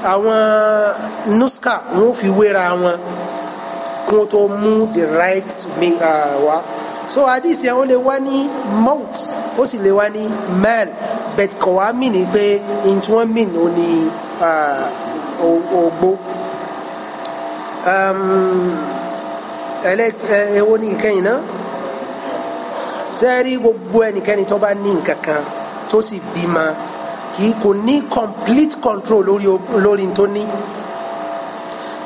àwọn nuska wọn fi wéra wọn kó tó mú the right me wá so hadith yẹn ó lè wá ní mouth ó sì lè wá ní man but kò wá mì ní pé ntí wọ́n mì ní um, ó ní ògbó ẹwọ ni ìkẹyìn náà sẹ́ẹ̀rí gbogbo ẹnikẹ́ni tó bá ní nǹkan tó sì bímọ kì í kò ní complete control lórí lórí tó ní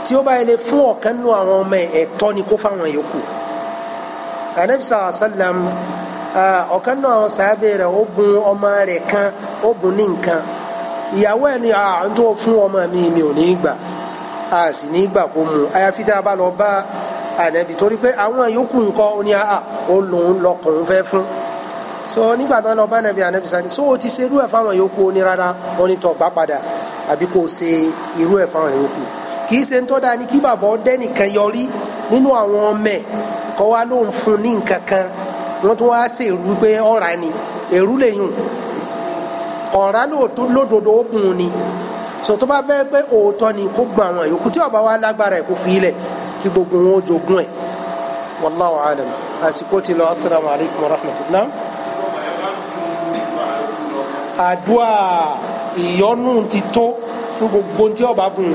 tí ó bá yẹ lè fún ọ̀kan nínú àwọn ọmọ ẹ̀tọ́ ni kó fáwọn yòókù anabi sàlá ọ̀kan nínú àwọn sàábẹ̀ rẹ̀ ó bùn ọmọ rẹ̀ kan ó bùn ní nǹkan ìyàwó ẹ̀ ni à tó fún ọmọ mi mi ò ní gbà a sì ní gbà kó mu àyàfi tá a bá lọ bá anabi torí pé àwọn yòókù nǹkan ó ní à ó lòun lọkùnrin fẹ́ fún so nígbà tó ń lọ bá nàbí ànábì sáré so o ti ṣe irú ẹ̀ fáwọn yòókù oní rárá onítọ̀ gbá padà àbí kò ṣe irú ẹ̀ fáwọn yòókù kì í ṣe ń tọ́da ni kí bàbá ọdẹ́nìkan yọrí nínú àwọn ọmọ kọ́ wa ló ń fún ní nǹkan kan wọ́n tún wá ṣe èrú pé ọ̀rá ni èrú lè yùn ọ̀rá lódodo ó ni so tó bá fẹ́ pé òótọ́ ni kó gbọ́n àwọn yòókù tí ọba wa lágbára ẹ̀ kó fi ilẹ̀ kí gbogbo wọn ó jogún ẹ̀ wallahu alam àsìkò lọ assalamu wa rahmatulah àdúà ìyọ́nú ti tó fún gbogbo tí ọba bùn